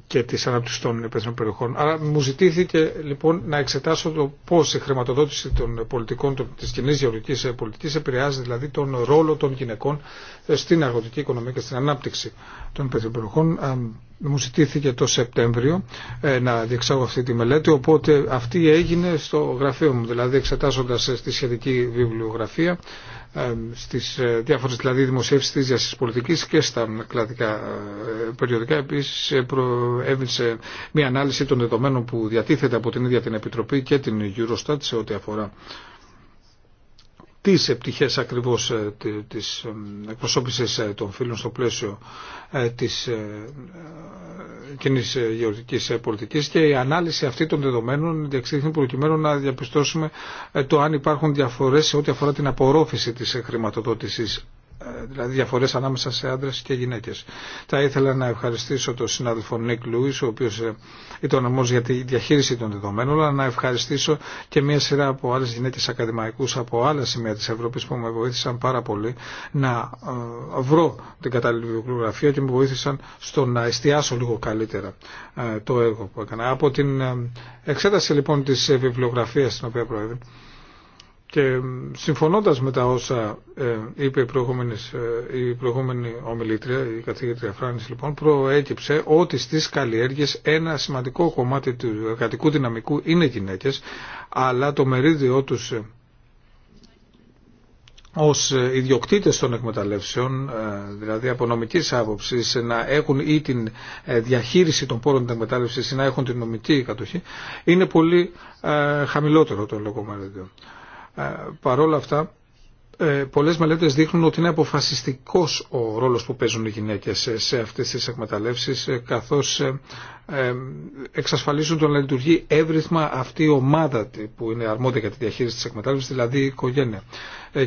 και τη ανάπτυξη των υπεύθυνων περιοχών. Άρα μου ζητήθηκε λοιπόν να εξετάσω το πώ η χρηματοδότηση των πολιτικών τη κοινή γεωργική ε, πολιτική επηρεάζει δηλαδή τον ρόλο των γυναικών ε, στην αγροτική οικονομία και στην ανάπτυξη των υπεύθυνων περιοχών. Ε, μου ζητήθηκε το Σεπτέμβριο να διεξάγω αυτή τη μελέτη, οπότε αυτή έγινε στο γραφείο μου, δηλαδή εξετάζοντα τη σχετική βιβλιογραφία στις ε, διάφορες δηλαδή δημοσίευσεις της διάστασης πολιτικής και στα κλαδικά ε, περιοδικά. Επίσης ε, προέβησε μια ανάλυση των δεδομένων που διατίθεται από την ίδια την Επιτροπή και την Eurostat σε ό,τι αφορά τις πτυχές ακριβώς ε, της ε, εκπροσώπησης ε, των φίλων στο πλαίσιο της κοινή γεωργικής πολιτικής και η ανάλυση αυτή των δεδομένων διεξήχθη προκειμένου να διαπιστώσουμε το αν υπάρχουν διαφορές σε ό,τι αφορά την απορρόφηση της χρηματοδότησης ε, δηλαδή διαφορέ ανάμεσα σε άντρε και γυναίκε. Θα ήθελα να ευχαριστήσω τον συνάδελφο Νίκ Λούι, ο οποίο ε, ήταν όμως για τη διαχείριση των δεδομένων, αλλά να ευχαριστήσω και μια σειρά από άλλε γυναίκε ακαδημαϊκούς από άλλα σημεία τη Ευρώπη που με βοήθησαν πάρα πολύ να ε, βρω την κατάλληλη βιβλιογραφία και με βοήθησαν στο να εστιάσω λίγο καλύτερα το έργο που έκανα. Από την εξέταση λοιπόν τη βιβλιογραφία, στην οποία προέβη, και συμφωνώντας με τα όσα ε, είπε η προηγούμενη, ε, η προηγούμενη ομιλήτρια, η καθηγήτρια Φράνης λοιπόν, προέκυψε ότι στις καλλιέργειες ένα σημαντικό κομμάτι του εργατικού δυναμικού είναι γυναίκες, αλλά το μερίδιό τους ε, ως ιδιοκτήτες των εκμεταλλεύσεων, δηλαδή από νομικής άποψης, να έχουν ή την διαχείριση των πόρων της εκμετάλλευσης ή να έχουν την νομική κατοχή, είναι πολύ χαμηλότερο το λόγο μερίδιό. Ε, παρόλα αυτά ε, πολλές μελέτες δείχνουν ότι είναι αποφασιστικός ο ρόλος που παίζουν οι γυναίκες σε αυτές τις εκμεταλλεύσεις ε, καθώς εξασφαλίζουν το να λειτουργεί εύρυθμα αυτή η ομάδα που είναι αρμόδια για τη διαχείριση της εκμετάλλευσης, δηλαδή η οικογένεια.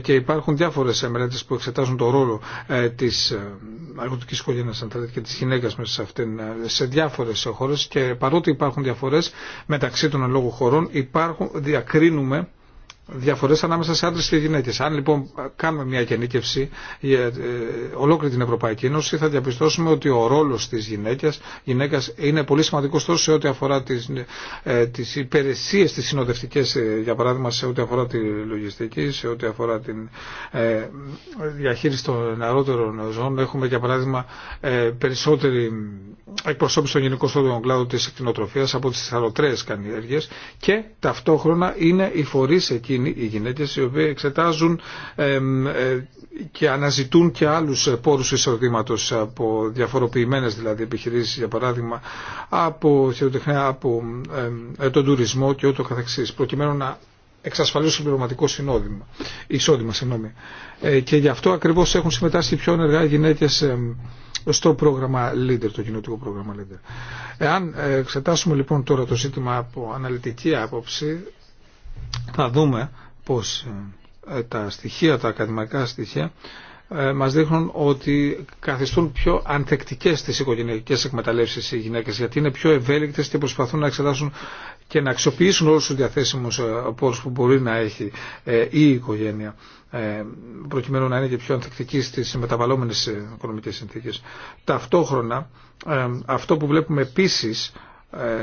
Και υπάρχουν διάφορες μελέτες που εξετάζουν το ρόλο της αγροτικής οικογένειας και της γυναίκας μέσα σε αυτήν σε διάφορες χώρες και παρότι υπάρχουν διαφορές μεταξύ των λόγων χωρών υπάρχουν, διακρίνουμε Διαφορέ ανάμεσα σε άντρες και γυναίκες. Αν λοιπόν κάνουμε μια γενίκευση για ε, ολόκληρη την Ευρωπαϊκή Ένωση θα διαπιστώσουμε ότι ο ρόλος της γυναίκας, είναι πολύ σημαντικός τόσο σε ό,τι αφορά τις, ε, τις υπηρεσίες, συνοδευτικές ε, για παράδειγμα σε ό,τι αφορά τη λογιστική, σε ό,τι αφορά την ε, διαχείριση των νεαρότερων ζώων. Έχουμε για παράδειγμα ε, περισσότερη εκπροσώπηση των γενικών στον κλάδο της εκτινοτροφίας από τις θαλωτρές καλλιέργειες και ταυτόχρονα είναι οι οι γυναίκες οι οποίοι εξετάζουν ε, και αναζητούν και άλλους πόρους εισοδήματος από διαφοροποιημένες δηλαδή επιχειρήσεις για παράδειγμα από από από ε, τον τουρισμό και ούτω καθεξής προκειμένου να εξασφαλίσουν πληρωματικό συνόδημα, εισόδημα. Ε, και γι' αυτό ακριβώς έχουν συμμετάσχει πιο ενεργά οι γυναίκες στο πρόγραμμα Leader, το κοινωτικό πρόγραμμα Leader. Εάν ε, εξετάσουμε λοιπόν τώρα το ζήτημα από αναλυτική άποψη, θα δούμε πως ε, τα στοιχεία, τα ακαδημαϊκά στοιχεία, ε, μας δείχνουν ότι καθιστούν πιο ανθεκτικές τις οικογενειακές εκμεταλλεύσεις οι γυναίκες γιατί είναι πιο ευέλικτες και προσπαθούν να εξετάσουν και να αξιοποιήσουν όλους τους διαθέσιμους ε, πόρους που μπορεί να έχει η οικογένεια προκειμένου να είναι και πιο ανθεκτική στις μεταβαλλόμενες οικονομικές συνθήκες. Ταυτόχρονα αυτό που βλέπουμε επίσης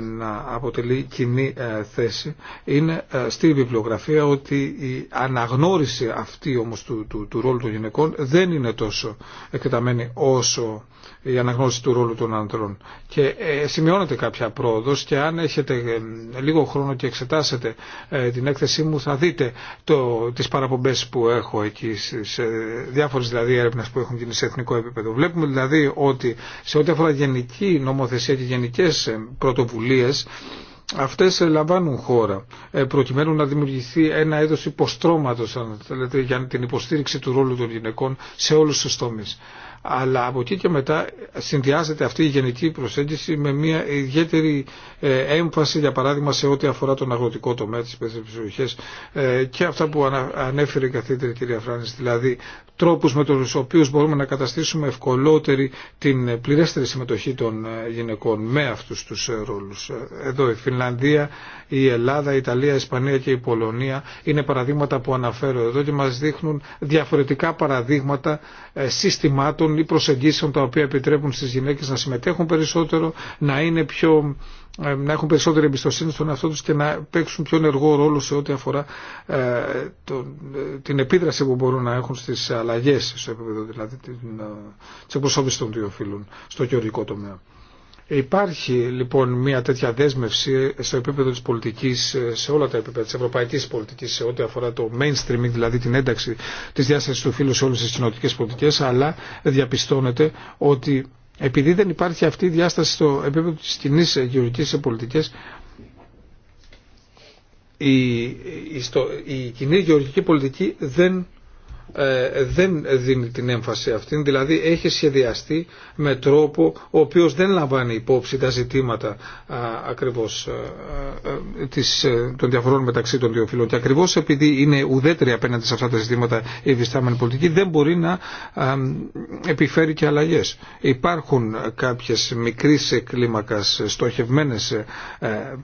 να αποτελεί κοινή ε, θέση είναι ε, στη βιβλιογραφία ότι η αναγνώριση αυτή όμως του, του, του ρόλου των γυναικών δεν είναι τόσο εκτεταμένη όσο η αναγνώριση του ρόλου των ανδρών. Και ε, σημειώνεται κάποια πρόοδος και αν έχετε ε, λίγο χρόνο και εξετάσετε ε, την έκθεσή μου θα δείτε το, τις παραπομπές που έχω εκεί σε διάφορες δηλαδή έρευνες που έχουν γίνει σε εθνικό επίπεδο. Βλέπουμε δηλαδή ότι σε ό,τι αφορά γενική νομοθεσία και γενικές πρωτοβουλίες αυτές ε, λαμβάνουν χώρα ε, προκειμένου να δημιουργηθεί ένα έδος υποστρώματος για την υποστήριξη του ρόλου των γυναικών σε όλους τους τομείς. Αλλά από εκεί και μετά ε, συνδυάζεται αυτή η γενική προσέγγιση με μια ιδιαίτερη έμφαση για παράδειγμα σε ό,τι αφορά τον αγροτικό τομέα της ε, και αυτά που ανέφερε η καθήτρια κυρία Φράνης, δηλαδή τρόπους με τους οποίους μπορούμε να καταστήσουμε ευκολότερη την πληρέστερη συμμετοχή των γυναικών με αυτού τους ρόλους. Εδώ η Ολλανδία, η Ελλάδα, η Ιταλία, η Ισπανία και η Πολωνία είναι παραδείγματα που αναφέρω εδώ και μας δείχνουν διαφορετικά παραδείγματα ε, συστημάτων ή προσεγγίσεων τα οποία επιτρέπουν στις γυναίκες να συμμετέχουν περισσότερο, να είναι πιο ε, να έχουν περισσότερη εμπιστοσύνη στον εαυτό τους και να παίξουν πιο ενεργό ρόλο σε ό,τι αφορά ε, την επίδραση που μπορούν να έχουν στις αλλαγές στο επίπεδο δηλαδή την, της εκπροσώπησης των δύο φίλων στο κοινωνικό τομέα. Υπάρχει λοιπόν μια τέτοια δέσμευση στο επίπεδο της πολιτικής, σε όλα τα επίπεδα της ευρωπαϊκής πολιτικής, σε ό,τι αφορά το mainstreaming, δηλαδή την ένταξη της διάστασης του φύλου σε όλες τις κοινωτικές πολιτικές, αλλά διαπιστώνεται ότι επειδή δεν υπάρχει αυτή η διάσταση στο επίπεδο της κοινής γεωργικής πολιτικής, η, η κοινή γεωργική πολιτική δεν ε, δεν δίνει την έμφαση αυτήν, δηλαδή έχει σχεδιαστεί με τρόπο ο οποίος δεν λαμβάνει υπόψη τα ζητήματα ακριβώς ε, ε, της, των διαφορών μεταξύ των δύο φυλών και ακριβώς επειδή είναι ουδέτερη απέναντι σε αυτά τα ζητήματα η βιστάμενη πολιτική δεν μπορεί να επιφέρει και αλλαγές. Υπάρχουν κάποιες μικρής κλίμακας στοχευμένες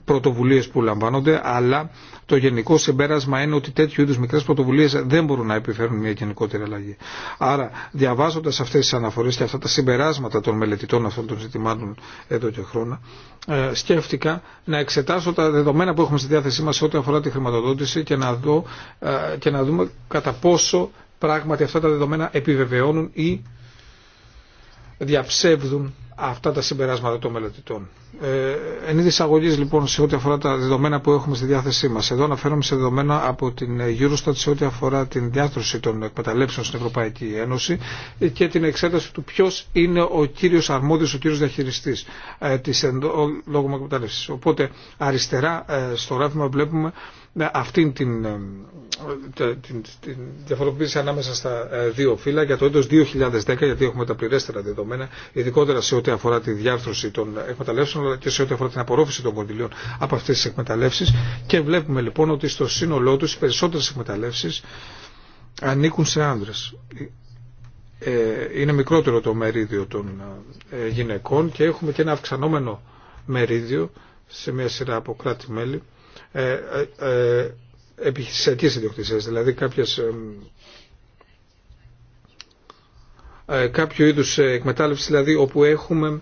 πρωτοβουλίες που λαμβάνονται αλλά το γενικό συμπέρασμα είναι ότι τέτοιου είδου μικρέ πρωτοβουλίε δεν μπορούν να επιφέρουν μια γενικότερη αλλαγή. Άρα, διαβάζοντα αυτέ τι αναφορέ και αυτά τα συμπεράσματα των μελετητών αυτών των ζητημάτων εδώ και χρόνια, ε, σκέφτηκα να εξετάσω τα δεδομένα που έχουμε στη διάθεσή μα ό,τι αφορά τη χρηματοδότηση και να, δω, ε, και να δούμε κατά πόσο πράγματι αυτά τα δεδομένα επιβεβαιώνουν ή διαψεύδουν αυτά τα συμπεράσματα των μελετητών. Ε, εν είδη εισαγωγή λοιπόν σε ό,τι αφορά τα δεδομένα που έχουμε στη διάθεσή μα, Εδώ αναφέρομαι σε δεδομένα από την Eurostat σε ό,τι αφορά την διάθρωση των εκμεταλλεύσεων στην Ευρωπαϊκή Ένωση και την εξέταση του ποιο είναι ο κύριο αρμόδιος, ο κύριο διαχειριστή ε, τη λόγω εκμεταλλεύση. Οπότε αριστερά ε, στο γράφημα βλέπουμε ε, αυτή την, ε, την, την διαφοροποίηση ανάμεσα στα δύο φύλλα για το έτος 2010, γιατί έχουμε τα πληρέστερα δεδομένα, ειδικότερα σε ό,τι αφορά τη διάρθρωση των εκμεταλλεύσεων αλλά και σε ό,τι αφορά την απορρόφηση των κοντιλίων από αυτές τις εκμεταλλεύσεις και βλέπουμε λοιπόν ότι στο σύνολό τους οι περισσότερες εκμεταλλεύσεις ανήκουν σε άνδρες. Ε, είναι μικρότερο το μερίδιο των ε, γυναικών και έχουμε και ένα αυξανόμενο μερίδιο σε μια σειρά από κράτη-μέλη ε, επιχειρησιακές ιδιοκτησίες, δηλαδή κάποιες ε, κάποιο είδους ε, εκμετάλλευση δηλαδή όπου έχουμε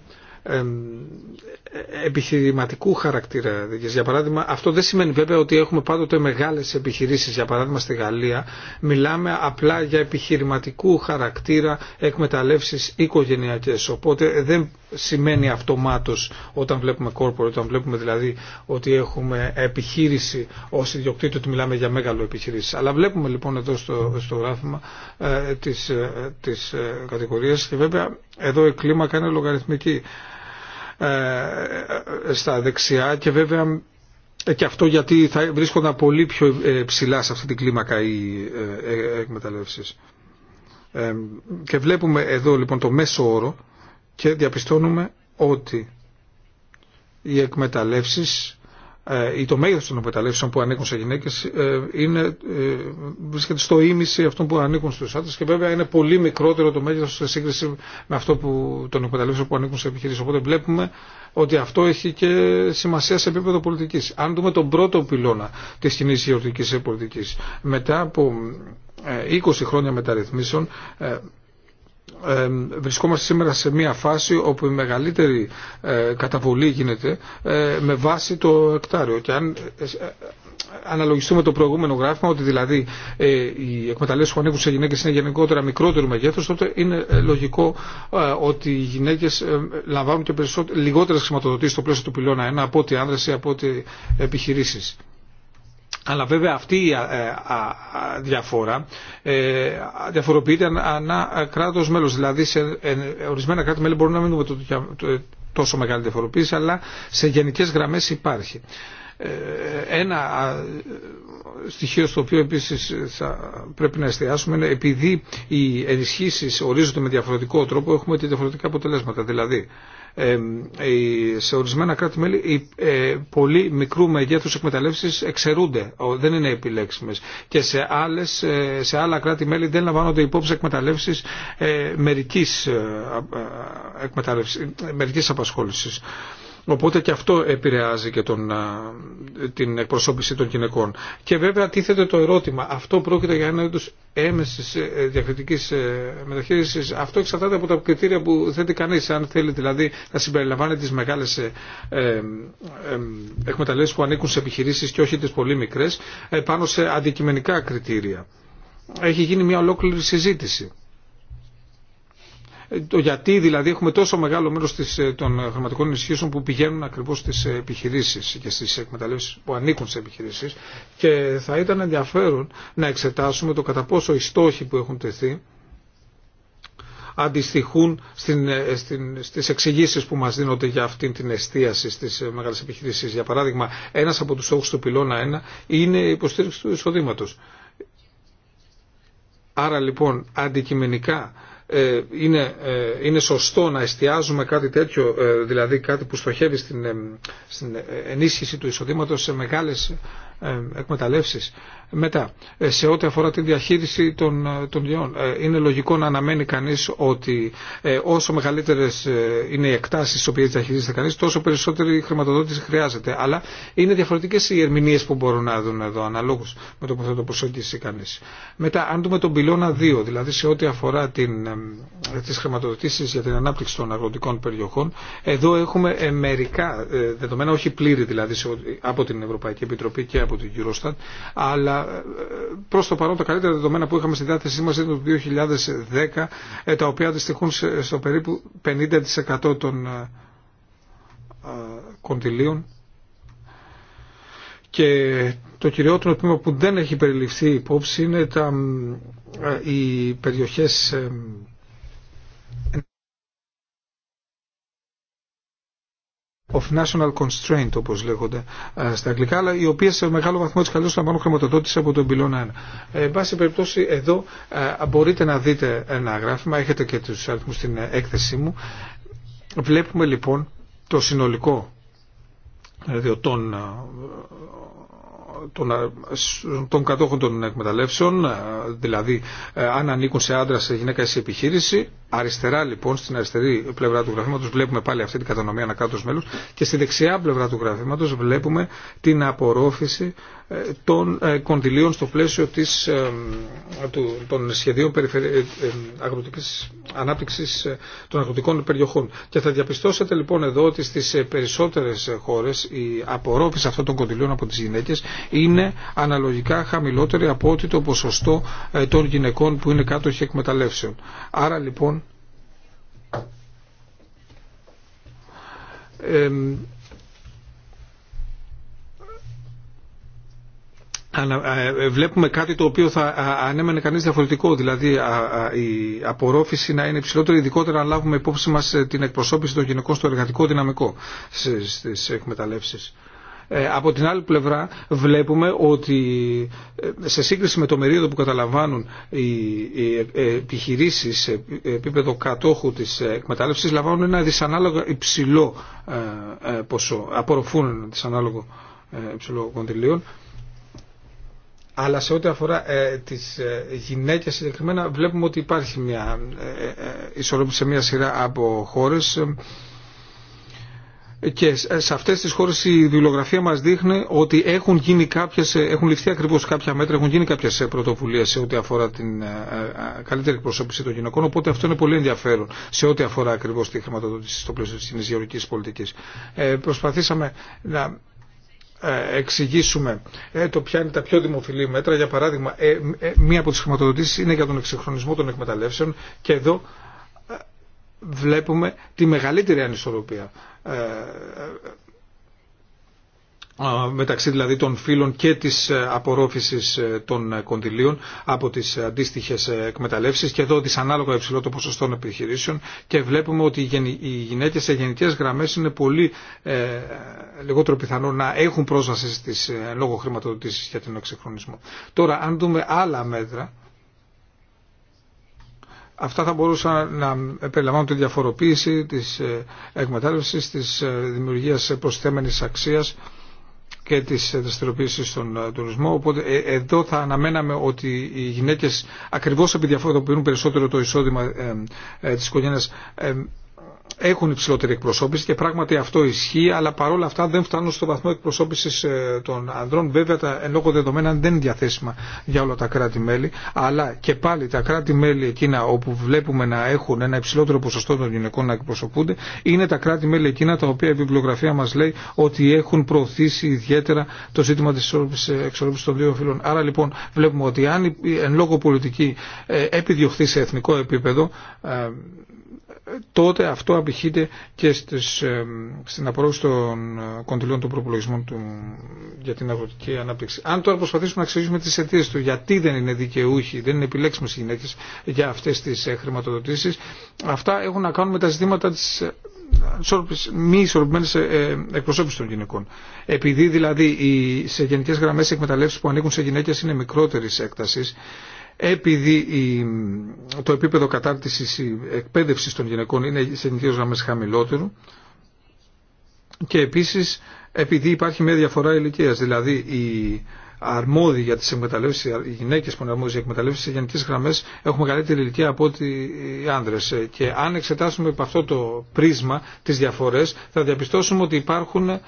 επιχειρηματικού χαρακτήρα Για παράδειγμα, αυτό δεν σημαίνει βέβαια ότι έχουμε πάντοτε μεγάλες επιχειρήσεις. Για παράδειγμα, στη Γαλλία μιλάμε απλά για επιχειρηματικού χαρακτήρα εκμεταλλεύσεις οικογενειακές. Οπότε δεν σημαίνει αυτομάτως όταν βλέπουμε corporate, όταν βλέπουμε δηλαδή ότι έχουμε επιχείρηση ως ιδιοκτήτη ότι μιλάμε για μέγαλο επιχειρήσεις. Αλλά βλέπουμε λοιπόν εδώ στο, στο γράφημα ε, της, ε, ε και βέβαια εδώ η κλίμακα είναι λογαριθμική. Ε, στα δεξιά και βέβαια και αυτό γιατί θα βρίσκονταν πολύ πιο ε, ψηλά σε αυτή την κλίμακα οι ε, εκμεταλλεύσεις. Και βλέπουμε εδώ λοιπόν το μέσο όρο και διαπιστώνουμε ότι οι εκμεταλλεύσεις ή ε, το μέγεθο των εκμεταλλεύσεων που ανήκουν σε γυναίκες ε, είναι, ε, βρίσκεται στο ίμιση αυτών που ανήκουν στους άντρες και βέβαια είναι πολύ μικρότερο το μέγεθος σε σύγκριση με αυτό που, των εκμεταλλεύσεων που ανήκουν σε επιχειρήσει. Οπότε βλέπουμε ότι αυτό έχει και σημασία σε επίπεδο πολιτική. Αν δούμε τον πρώτο πυλώνα της κοινή γεωργική πολιτική μετά από 20 χρόνια μεταρρυθμίσεων βρισκόμαστε σήμερα σε μια φάση όπου η μεγαλύτερη ε, καταβολή γίνεται ε, με βάση το εκτάριο. Και αν ε, αναλογιστούμε το προηγούμενο γράφημα ότι δηλαδή οι εκμεταλλεύσεις που ανήκουν σε γυναίκες είναι γενικότερα μικρότερου μεγέθους, τότε είναι λογικό ότι οι γυναίκες λαμβάνουν και λιγότερες χρηματοδοτήσεις στο πλαίσιο του πυλώνα 1 από ό,τι άνδρες ή από ό,τι επιχειρήσεις. Αλλά βέβαια αυτή η ε, ε, διαφορά ε, διαφοροποιείται ανά κράτο μέλο. Δηλαδή σε ορισμένα κράτη-μέλη μπορούμε να μην δούμε τόσο μεγάλη διαφοροποίηση, αλλά σε γενικέ γραμμέ υπάρχει. Ένα στοιχείο στο οποίο επίσης πρέπει να εστιάσουμε είναι επειδή οι ενισχύσει ορίζονται με διαφορετικό τρόπο έχουμε και διαφορετικά αποτελέσματα. Δηλαδή, σε ορισμένα κράτη-μέλη οι ε, πολύ μικρού μεγέθους εκμεταλλεύσεις εξαιρούνται, δεν είναι επιλέξιμες και σε, άλλες, ε, σε άλλα κράτη-μέλη δεν λαμβάνονται υπόψη εκμεταλλεύσεις ε, μερικής, εκμεταλλεύσεις, μερικής απασχόλησης. Οπότε και αυτό επηρεάζει και τον, την εκπροσώπηση των γυναικών. Και βέβαια τίθεται το ερώτημα, αυτό πρόκειται για ένα τους έμεση ε, διακριτική ε, μεταχείριση. Αυτό εξαρτάται από τα κριτήρια που θέτει κανεί. Αν θέλει δηλαδή να συμπεριλαμβάνει τι μεγάλε ε, εκμεταλλεύσει που ανήκουν σε επιχειρήσει και όχι τι πολύ μικρέ, πάνω σε αντικειμενικά κριτήρια. Έχει γίνει μια ολόκληρη συζήτηση το γιατί δηλαδή έχουμε τόσο μεγάλο μέρος ε, των χρηματικών ενισχύσεων που πηγαίνουν ακριβώς στις επιχειρήσεις και στις εκμεταλλεύσεις που ανήκουν σε επιχειρήσεις και θα ήταν ενδιαφέρον να εξετάσουμε το κατά πόσο οι στόχοι που έχουν τεθεί αντιστοιχούν στην, ε, στις εξηγήσει που μας δίνονται για αυτήν την εστίαση στις ε, μεγάλες επιχειρήσεις. Για παράδειγμα, ένας από τους στόχους του πυλώνα 1 είναι η υποστήριξη του εισοδήματος. Άρα λοιπόν αντικειμενικά ε, είναι, ε, είναι σωστό να εστιάζουμε κάτι τέτοιο, ε, δηλαδή κάτι που στοχεύει στην, στην ενίσχυση του εισοδήματος σε μεγάλες ε, εκμεταλλεύσεις. Μετά, ε, σε ό,τι αφορά τη διαχείριση των, ε, των διών, είναι λογικό να αναμένει κανείς ότι όσο μεγαλύτερες είναι οι εκτάσεις στις οποίες διαχειρίζεται κανείς, τόσο περισσότερη χρηματοδότηση χρειάζεται. Αλλά είναι διαφορετικές οι ερμηνείες που μπορούν να δουν εδώ, αναλόγως με το που θα το προσεγγίσει κανείς. Μετά, αν δούμε τον πυλώνα 2, δηλαδή σε ό,τι αφορά την, τις χρηματοδοτήσεις για την ανάπτυξη των αγροτικών περιοχών, εδώ έχουμε μερικά δεδομένα, όχι πλήρη δηλαδή από την Ευρωπαϊκή Επιτροπή και από την Eurostat, αλλά ε, προ το παρόν τα καλύτερα δεδομένα που είχαμε στη διάθεσή μα ήταν το 2010, ε, τα οποία αντιστοιχούν στο περίπου 50% των ε, κοντιλίων και το κυριότερο τμήμα που δεν έχει περιληφθεί υπόψη είναι τα, οι περιοχές of national constraint όπως λέγονται ε, στα αγγλικά, αλλά οι οποίες σε μεγάλο βαθμό της θα λαμβάνουν χρηματοδότηση από τον πυλώνα 1. Ε, εν πάση περιπτώσει εδώ ε, μπορείτε να δείτε ένα γράφημα, έχετε και τους αριθμούς στην έκθεσή μου. Βλέπουμε λοιπόν το συνολικό δηλαδή των, των, των κατόχων των εκμεταλλεύσεων, δηλαδή αν ανήκουν σε άντρα, σε γυναίκα ή σε επιχείρηση, αριστερά λοιπόν, στην αριστερή πλευρά του γραφήματος βλέπουμε πάλι αυτή την κατανομία ανακάτω μέλους και στη δεξιά πλευρά του γραφήματο βλέπουμε την απορρόφηση ε, των ε, κονδυλίων στο πλαίσιο της, ε, των σχεδίων αγροτικής ανάπτυξης των αγροτικών περιοχών. Και θα διαπιστώσετε λοιπόν εδώ ότι στις περισσότερες χώρε, η απορρόφηση αυτών των κονδυλίων από τι γυναίκε είναι αναλογικά χαμηλότερη από ό,τι το ποσοστό των γυναικών που είναι κάτω εκμεταλλεύσεων. Άρα λοιπόν Ε, βλέπουμε κάτι το οποίο θα ανέμενε κανείς διαφορετικό, δηλαδή η απορρόφηση να είναι υψηλότερη, ειδικότερα να λάβουμε υπόψη μας ε, την εκπροσώπηση των γυναικών στο εργατικό δυναμικό στις εκμεταλλεύσεις. Ε, από την άλλη πλευρά βλέπουμε ότι ε, σε σύγκριση με το μερίδιο που καταλαμβάνουν οι ε, επιχειρήσει σε επίπεδο κατόχου της εκμετάλλευσης λαμβάνουν ένα δυσανάλογο υψηλό ποσό, απορροφούν ένα δυσανάλογο υψηλό κοντιλίων αλλά σε ό,τι αφορά ε, τις ε, γυναίκες συγκεκριμένα βλέπουμε ότι υπάρχει μια σε μια σειρά από χώρες και ε, σε αυτές τις χώρες η βιβλιογραφία μας δείχνει ότι έχουν, γίνει κάποιες, ε, έχουν ληφθεί ακριβώς κάποια μέτρα, έχουν γίνει κάποιε ε, πρωτοβουλίες σε ό,τι αφορά την καλύτερη εκπροσώπηση των γυναικών, οπότε αυτό είναι πολύ ενδιαφέρον σε ό,τι αφορά ακριβώς τη χρηματοδότηση στο πλαίσιο της κοινή γεωργικής πολιτικής. προσπαθήσαμε να εξηγήσουμε το ποια είναι τα πιο δημοφιλή μέτρα. Για παράδειγμα, μία από τις χρηματοδοτήσεις είναι για τον εξυγχρονισμό των εκμεταλλεύσεων και εδώ βλέπουμε τη μεγαλύτερη ανισορροπία ε, ε, ε, μεταξύ δηλαδή των φύλων και της απορρόφησης των κοντιλίων από τις αντίστοιχες εκμεταλλεύσεις και εδώ δυσανάλογα υψηλό το ποσοστό των επιχειρήσεων και βλέπουμε ότι οι γυναίκες σε γενικές γραμμές είναι πολύ λιγότερο πιθανό να έχουν πρόσβαση στις λόγω χρηματοδοτήσεις για τον εξυγχρονισμό. Τώρα αν δούμε άλλα μέτρα Αυτά θα μπορούσαν να περιλαμβάνουν τη διαφοροποίηση της ε, εκμετάλλευσης, της ε, δημιουργίας προσθέμενης αξίας και της δραστηριοποίηση στον ε, τουρισμό. Οπότε εδώ θα αναμέναμε ότι οι γυναίκες ακριβώς επειδή διαφοροποιούν περισσότερο το εισόδημα της οικογένειας έχουν υψηλότερη εκπροσώπηση και πράγματι αυτό ισχύει, αλλά παρόλα αυτά δεν φτάνουν στο βαθμό εκπροσώπηση ε, των ανδρών. Βέβαια τα εν λόγω δεδομένα δεν είναι διαθέσιμα για όλα τα κράτη-μέλη, αλλά και πάλι τα κράτη-μέλη εκείνα όπου βλέπουμε να έχουν ένα υψηλότερο ποσοστό των γυναικών να εκπροσωπούνται, είναι τα κράτη-μέλη εκείνα τα οποία η βιβλιογραφία μα λέει ότι έχουν προωθήσει ιδιαίτερα το ζήτημα τη εξορρόπηση ε, των δύο φύλων. Άρα λοιπόν βλέπουμε ότι αν η εν λόγω πολιτική ε, επιδιωχθεί σε εθνικό επίπεδο, τότε αυτό απηχείται και στις, ε, στην απορρόφηση των ε, κοντιλών των προπολογισμών του, για την αγροτική ανάπτυξη. Αν τώρα προσπαθήσουμε να εξηγήσουμε τις αιτίε του, γιατί δεν είναι δικαιούχοι, δεν είναι επιλέξιμες οι γυναίκες για αυτές τις ε, χρηματοδοτήσεις, αυτά έχουν να κάνουν με τα ζητήματα της μη ισορροπημένης εκπροσώπησης των γυναικών. Επειδή δηλαδή οι, σε γενικές γραμμές εκμεταλλεύσεις που ανήκουν σε γυναίκες είναι μικρότερης έκτασης, επειδή το επίπεδο κατάρτισης ή εκπαίδευσης των γυναικών είναι σε νητήρες γραμμές χαμηλότερο και επίσης επειδή υπάρχει μια διαφορά ηλικίας, δηλαδή η εκπαιδευσης των γυναικων ειναι σε γραμμες χαμηλοτερο και επισης επειδη υπαρχει μια διαφορα ηλικία δηλαδη οι αρμοδιοι για τις εκμεταλλεύσεις, οι γυναίκες που είναι αρμόδιοι για εκμεταλλεύσεις σε γενικές γραμμές έχουν μεγαλύτερη ηλικία από ότι οι άνδρες. Και αν εξετάσουμε από αυτό το πρίσμα τις διαφορές θα διαπιστώσουμε ότι υπάρχουν, ε,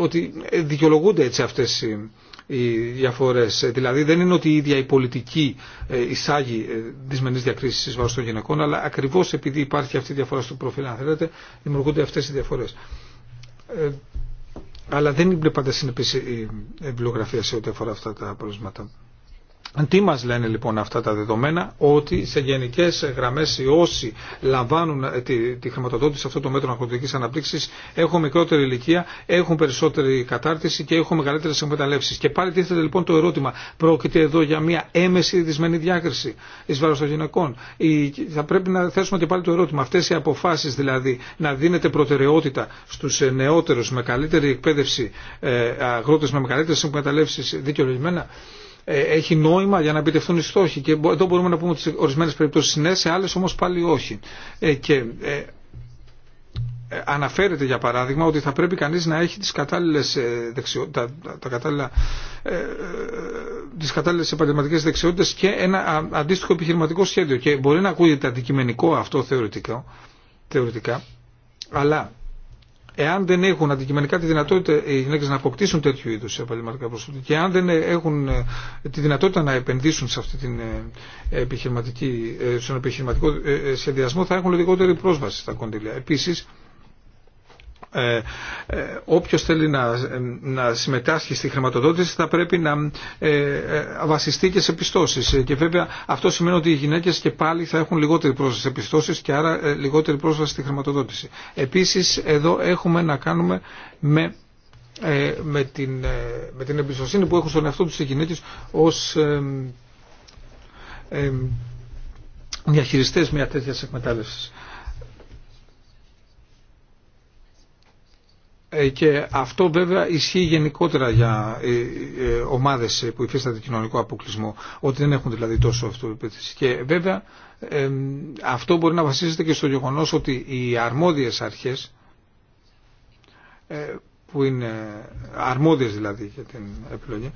ότι δικαιολογούνται έτσι αυτές οι οι διαφορές. Ε, δηλαδή δεν είναι ότι η ίδια η πολιτική ε, εισάγει ε, δυσμενείς διακρίσεις εις βάρος των γυναικών, αλλά ακριβώς επειδή υπάρχει αυτή η διαφορά στο προφίλ, αν θέλετε, δημιουργούνται αυτές οι διαφορές. αλλά δεν είναι πάντα συνεπής η βιβλιογραφία σε ό,τι αφορά αυτά τα προβλήματα. Τι μας λένε λοιπόν αυτά τα δεδομένα, ότι σε γενικές γραμμές οι όσοι λαμβάνουν ε, τη, τη χρηματοδότηση αυτό το μέτρο αγροτική αναπτύξης έχουν μικρότερη ηλικία, έχουν περισσότερη κατάρτιση και έχουν μεγαλύτερες εκμεταλλεύσεις. Και πάλι τίθεται λοιπόν το ερώτημα, πρόκειται εδώ για μια έμεση δυσμενή διάκριση εις βάρος των γυναικών. θα πρέπει να θέσουμε και πάλι το ερώτημα, αυτές οι αποφάσεις δηλαδή να δίνεται προτεραιότητα στους ε, νεότερους με καλύτερη εκπαίδευση, ε, αγρότε με μεγαλύτερε εκμεταλλεύσεις δικαιολογημένα. Ε, έχει νόημα για να επιτευχθούν οι στόχοι. Και εδώ μπορούμε να πούμε ότι σε ορισμένε περιπτώσει ναι, σε άλλε όμω πάλι όχι. Ε, και ε, αναφέρεται για παράδειγμα ότι θα πρέπει κανείς να έχει τις κατάλληλες, τα, τα κατάλληλα, τις κατάλληλες επαγγελματικές δεξιότητες και ένα αντίστοιχο επιχειρηματικό σχέδιο και μπορεί να ακούγεται αντικειμενικό αυτό θεωρητικά αλλά εάν δεν έχουν αντικειμενικά τη δυνατότητα οι γυναίκε να αποκτήσουν τέτοιου είδου επαγγελματικά προσόντα και αν δεν ε, έχουν ε, τη δυνατότητα να επενδύσουν σε αυτή την ε, επιχειρηματική, στον επιχειρηματικό σχεδιασμό, θα έχουν λιγότερη πρόσβαση στα κονδύλια. Επίση, ε, ε, όποιος θέλει να, συμμετάσχει στη χρηματοδότηση θα πρέπει να ε, ε, βασιστεί και σε πιστώσεις. Και βέβαια αυτό σημαίνει ότι οι γυναίκες και πάλι θα έχουν λιγότερη πρόσβαση σε πιστώσεις και άρα ε, λιγότερη πρόσβαση στη χρηματοδότηση. Επίσης εδώ έχουμε να κάνουμε με με, την, με την εμπιστοσύνη που έχουν στον εαυτό τους οι γυναίκες ως ε, ε, διαχειριστές μια τέτοια εκμετάλλευση. Ε, και αυτό βέβαια ισχύει γενικότερα για ε, ε, ομάδες που υφίστανται κοινωνικό αποκλεισμό, ότι δεν έχουν δηλαδή τόσο αυτοπεποίθηση. Και βέβαια αυτό μπορεί να βασίζεται και στο γεγονός ότι οι αρμόδιες αρχές, που είναι αρμόδιες δηλαδή για την επιλογή,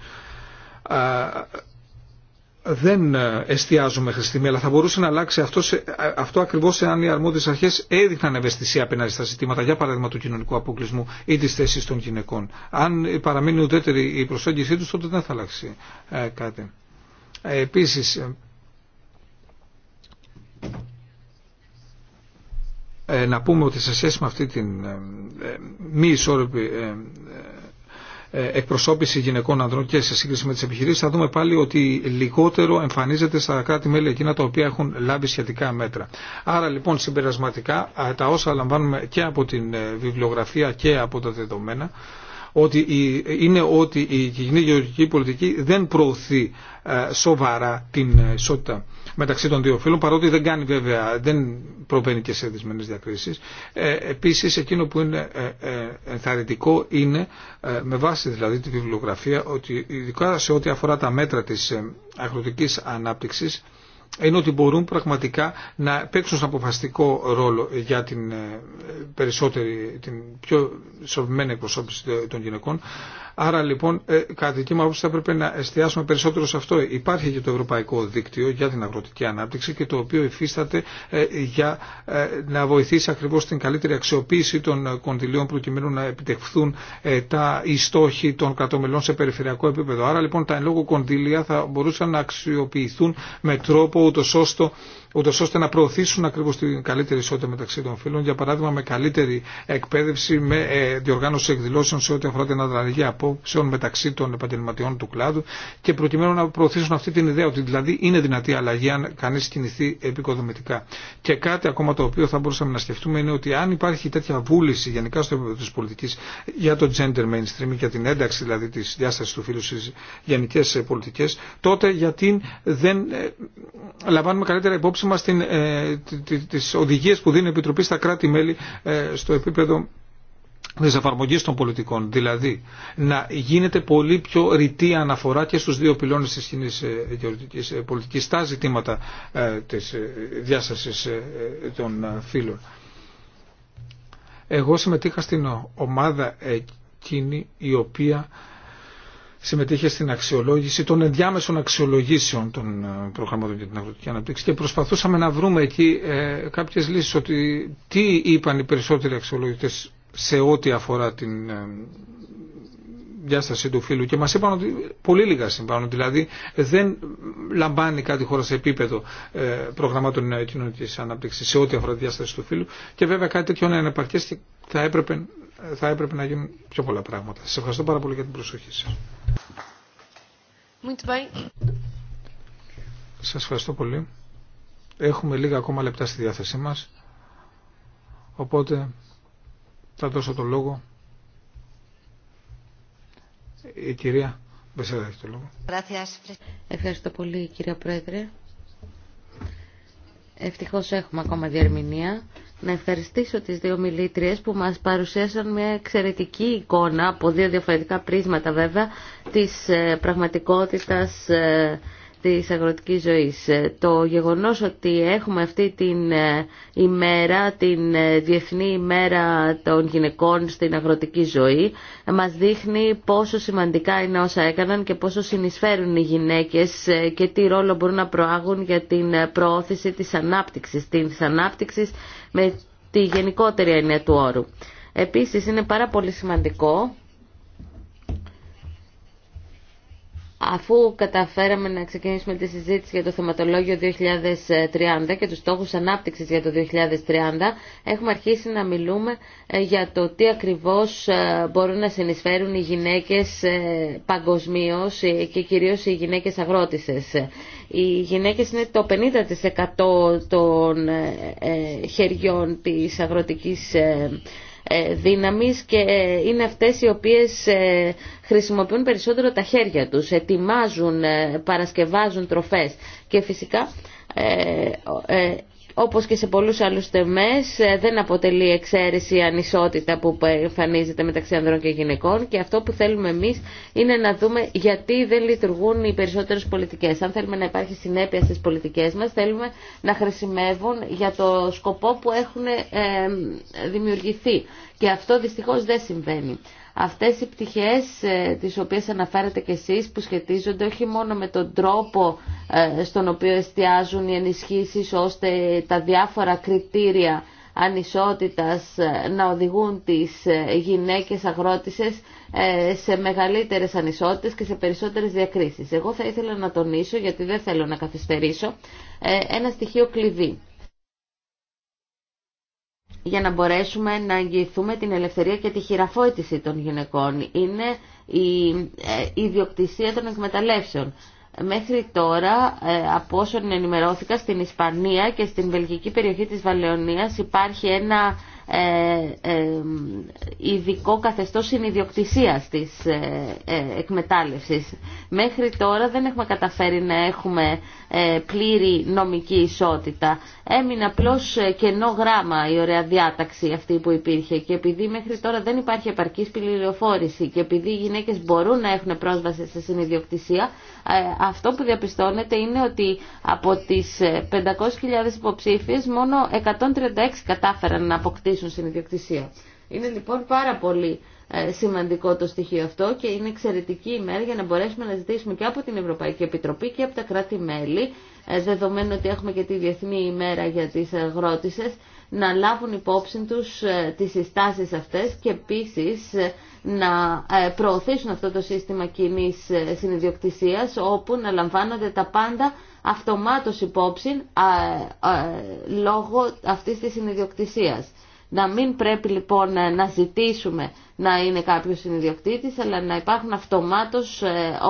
δεν ε, εστιάζουμε μέχρι αλλά θα μπορούσε να αλλάξει αυτό, ε, αυτό ακριβώς εάν οι αρμόδιες αρχές έδειχναν ευαισθησία απέναντι στα ζητήματα, για παράδειγμα του κοινωνικού αποκλεισμού ή τη θέση των γυναικών. Αν παραμείνει ουδέτερη η της θεσης των γυναικων αν παραμεινει ουδετερη η προσεγγιση του, τότε δεν θα αλλάξει ε, κάτι. Ε, Επίση, να πούμε ότι σε σχέση με αυτή την μη ισόρροπη ε, εκπροσώπηση γυναικών ανδρών και σε σύγκριση με τις επιχειρήσεις θα δούμε πάλι ότι λιγότερο εμφανίζεται στα κράτη-μέλη εκείνα τα οποία έχουν λάβει σχετικά μέτρα. Άρα λοιπόν συμπερασματικά ε, τα όσα λαμβάνουμε και από την ε, βιβλιογραφία και από τα δεδομένα ότι είναι ότι η κοινή γεωργική πολιτική δεν προωθεί ε, σοβαρά την ε, ισότητα μεταξύ των δύο φύλων, παρότι δεν κάνει βέβαια, δεν προβαίνει και σε δυσμενέ διακρίσει. Ε, επίσης, εκείνο που είναι ε, ενθαρρυντικό είναι, με βάση δηλαδή τη βιβλιογραφία, ότι ειδικά σε ό,τι αφορά τα μέτρα της αγροτικής ανάπτυξης, είναι ότι μπορούν πραγματικά να παίξουν σαν αποφασιστικό ρόλο για την ε, περισσότερη, την πιο σοβημένη εκπροσώπηση των γυναικών. Άρα λοιπόν, ε, κατά δική μου άποψη, θα πρέπει να εστιάσουμε περισσότερο σε αυτό. Υπάρχει και το Ευρωπαϊκό Δίκτυο για την Αγροτική Ανάπτυξη και το οποίο υφίσταται ε, για να βοηθήσει ακριβώ την καλύτερη αξιοποίηση των κονδυλίων προκειμένου να επιτευχθούν τα στόχοι των κρατομελών σε περιφερειακό επίπεδο. Άρα λοιπόν, τα εν λόγω κονδύλια θα μπορούσαν να αξιοποιηθούν με τρόπο ούτως ώστε ούτω ώστε να προωθήσουν ακριβώ την καλύτερη ισότητα μεταξύ των φίλων για παράδειγμα με καλύτερη εκπαίδευση, με ε, διοργάνωση εκδηλώσεων σε ό,τι αφορά την ανταλλαγή απόψεων μεταξύ των επαγγελματιών του κλάδου και προκειμένου να προωθήσουν αυτή την ιδέα ότι δηλαδή είναι δυνατή αλλαγή αν κανεί κινηθεί επικοδομητικά. Και κάτι ακόμα το οποίο θα μπορούσαμε να σκεφτούμε είναι ότι αν υπάρχει τέτοια βούληση γενικά στο επίπεδο τη πολιτική για το gender mainstream, για την ένταξη δηλαδή τη διάσταση του φίλου στι γενικέ ε, πολιτικέ, τότε γιατί δεν ε, λαμβάνουμε καλύτερα υπόψη υπόψη ε, μας τις οδηγίες που δίνει η Επιτροπή στα κράτη-μέλη ε, στο επίπεδο της εφαρμογή των πολιτικών. Δηλαδή, να γίνεται πολύ πιο ρητή αναφορά και στους δύο πυλώνε τη κοινή ε, γεωργική πολιτική, στα ζητήματα της διάστασης των φύλων. Εγώ συμμετείχα στην ομάδα εκείνη η οποία συμμετείχε στην αξιολόγηση των ενδιάμεσων αξιολογήσεων των ε, προγραμμάτων για την αγροτική αναπτύξη και προσπαθούσαμε να βρούμε εκεί ε, κάποιες λύσεις ότι τι είπαν οι περισσότεροι αξιολογητές σε ό,τι αφορά την ε, διάσταση του φύλου και μας είπαν ότι πολύ λίγα συμβάνουν, δηλαδή δεν λαμβάνει κάτι χώρα σε επίπεδο προγραμμάτων κοινωνικής ανάπτυξης σε ό,τι αφορά τη διάσταση του φύλου και βέβαια κάτι τέτοιο να είναι επαρκές θα έπρεπε, να γίνουν πιο πολλά πράγματα. Σας ευχαριστώ πάρα πολύ για την προσοχή σας. Σας ευχαριστώ πολύ. Έχουμε λίγα ακόμα λεπτά στη διάθεσή μας, οπότε θα δώσω το λόγο. Η κυρία Μπεσέρα έχει το λόγο. Ευχαριστώ πολύ κυρία Πρόεδρε. Ευτυχώς έχουμε ακόμα διερμηνία. Να ευχαριστήσω τις δύο μιλήτριες που μας παρουσίασαν μια εξαιρετική εικόνα από δύο διαφορετικά πρίσματα βέβαια της ε, πραγματικότητας ε, της αγροτικής ζωής. Ε, το γεγονός ότι έχουμε αυτή την ε, ημέρα, την ε, Διεθνή ημέρα των γυναικών στην αγροτική ζωή, μας δείχνει πόσο σημαντικά είναι όσα έκαναν και πόσο συνεισφέρουν οι γυναίκες και τι ρόλο μπορούν να προάγουν για την προώθηση της ανάπτυξης, την ανάπτυξης με τη γενικότερη έννοια του όρου. Επίσης είναι πάρα πολύ σημαντικό Αφού καταφέραμε να ξεκινήσουμε τη συζήτηση για το θεματολόγιο 2030 και τους στόχους ανάπτυξης για το 2030, έχουμε αρχίσει να μιλούμε ε, για το τι ακριβώς ε, μπορούν να συνεισφέρουν οι γυναίκες ε, παγκοσμίω και κυρίως οι γυναίκες αγρότησες. Οι γυναίκες είναι το 50% των χεριών της αγροτικής ε, δύναμης και ε, είναι αυτές οι οποίες ε, χρησιμοποιούν περισσότερο τα χέρια τους, ετοιμάζουν, παρασκευάζουν τροφές και φυσικά όπως και σε πολλούς άλλους τεμές ε, δεν αποτελεί εξαίρεση ανισότητα που εμφανίζεται μεταξύ ανδρών και γυναικών και αυτό που θέλουμε εμείς είναι να δούμε γιατί δεν λειτουργούν οι περισσότερες πολιτικές. Αν θέλουμε να υπάρχει συνέπεια στις πολιτικές μας θέλουμε να χρησιμεύουν για το σκοπό που έχουν ε, δημιουργηθεί και αυτό δυστυχώς δεν συμβαίνει αυτές οι πτυχές ε, τις οποίες αναφέρατε και εσείς που σχετίζονται όχι μόνο με τον τρόπο ε, στον οποίο εστιάζουν οι ενισχύσεις ώστε τα διάφορα κριτήρια ανισότητας ε, να οδηγούν τις γυναίκες αγρότησες σε μεγαλύτερες ανισότητες και σε περισσότερες διακρίσεις. Εγώ θα ήθελα να τονίσω, γιατί δεν θέλω να καθυστερήσω, ένα στοιχείο κλειδί για να μπορέσουμε να εγγυηθούμε την ελευθερία και τη χειραφόητηση των γυναικών. Είναι ε, η ιδιοκτησία των εκμεταλλεύσεων. Μέχρι τώρα, ε, από όσων ενημερώθηκα, στην Ισπανία και στην βελγική περιοχή της Βαλαιονίας υπάρχει ένα ε, ε, ειδικό καθεστώς συνειδιοκτησίας της ε, εκμετάλλευσης. Μέχρι τώρα δεν έχουμε καταφέρει να έχουμε πλήρη νομική ισότητα. Έμεινε απλώ κενό γράμμα η ωραία διάταξη αυτή που υπήρχε και επειδή μέχρι τώρα δεν υπάρχει επαρκής πληροφόρηση και επειδή οι γυναίκες μπορούν να έχουν πρόσβαση σε συνειδιοκτησία ε, αυτό που διαπιστώνεται είναι ότι από τις 500.000 ε, υποψήφιες μόνο 136 κατάφεραν να αποκτήσουν συνειδιοκτησία. Είναι λοιπόν πάρα πολύ ε, σημαντικό το στοιχείο αυτό και είναι εξαιρετική ημέρα για να μπορέσουμε να ζητήσουμε και από την Ευρωπαϊκή Επιτροπή και από τα κράτη-μέλη, δεδομένου ότι έχουμε και τη Διεθνή ημέρα για τις αγρότησες, να λάβουν υπόψη τους ε, τις συστάσεις αυτές και επίσης ε, να ε, προωθήσουν αυτό το σύστημα κοινή συνειδιοκτησίας όπου να λαμβάνονται τα πάντα αυτομάτως υπόψη λόγω αυτής της συνειδιοκτησίας. Να μην πρέπει λοιπόν να ζητήσουμε να είναι κάποιος συνειδιοκτήτης, αλλά να υπάρχουν αυτομάτως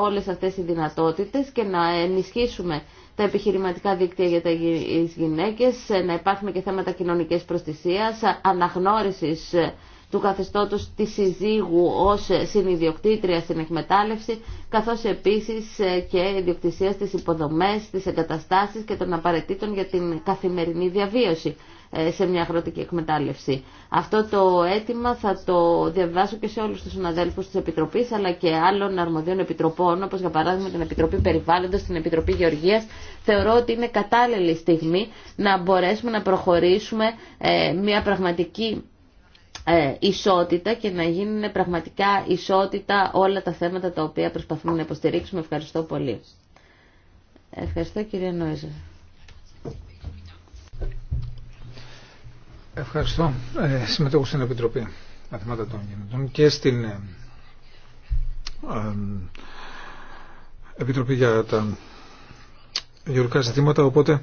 όλες αυτές οι δυνατότητες και να ενισχύσουμε τα επιχειρηματικά δίκτυα για τις γυναίκες, να υπάρχουν και θέματα κοινωνικής προστισίας, αναγνώρισης ε, του καθεστώτος της συζύγου ως συνειδιοκτήτρια στην εκμετάλλευση, καθώς επίσης ε, και ιδιοκτησία στις υποδομές, στις εγκαταστάσεις και των απαραίτητων για την καθημερινή διαβίωση. Ε, σε μια αγροτική εκμετάλλευση. Αυτό το αίτημα θα το διαβάσω και σε όλους τους συναδέλφους της Επιτροπής αλλά και άλλων αρμοδίων επιτροπών όπως για παράδειγμα την Επιτροπή Περιβάλλοντος, την Επιτροπή Γεωργίας. Θεωρώ ότι είναι κατάλληλη στιγμή να μπορέσουμε να προχωρήσουμε ε, μια πραγματική ε, ισότητα και να γίνουν πραγματικά ισότητα όλα τα θέματα τα οποία προσπαθούμε να υποστηρίξουμε. Ευχαριστώ πολύ. Ευχαριστώ κύριε Ευχαριστώ. Ε, συμμετέχω στην Επιτροπή Μαθημάτων των Γενετών και στην ε, ε, Επιτροπή για τα γεωργικά ζητήματα, οπότε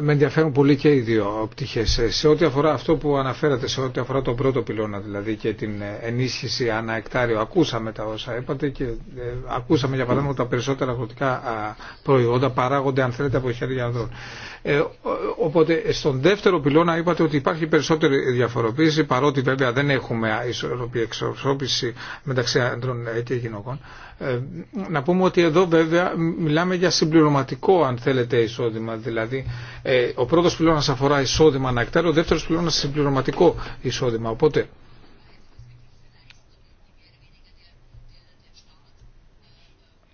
με ενδιαφέρουν πολύ και οι δύο πτυχές. Σε ό,τι αφορά αυτό που αναφέρατε, σε ό,τι αφορά τον πρώτο πυλώνα, δηλαδή και την ενίσχυση ανά εκτάριο, ακούσαμε τα όσα είπατε και ακούσαμε για παράδειγμα ότι τα περισσότερα αγροτικά προϊόντα παράγονται αν θέλετε από χέρια ανδρών. Ε, οπότε στον δεύτερο πυλώνα είπατε ότι υπάρχει περισσότερη διαφοροποίηση παρότι βέβαια δεν έχουμε ισορροπή εξορροπήση μεταξύ άντρων και γυναικών. Ε, να πούμε ότι εδώ βέβαια μιλάμε για συμπληρωματικό αν θέλετε εισόδημα. Δηλαδή ε, ο πρώτος πυλώνας αφορά εισόδημα ανακτέρω, ο δεύτερος πυλώνας συμπληρωματικό εισόδημα. Οπότε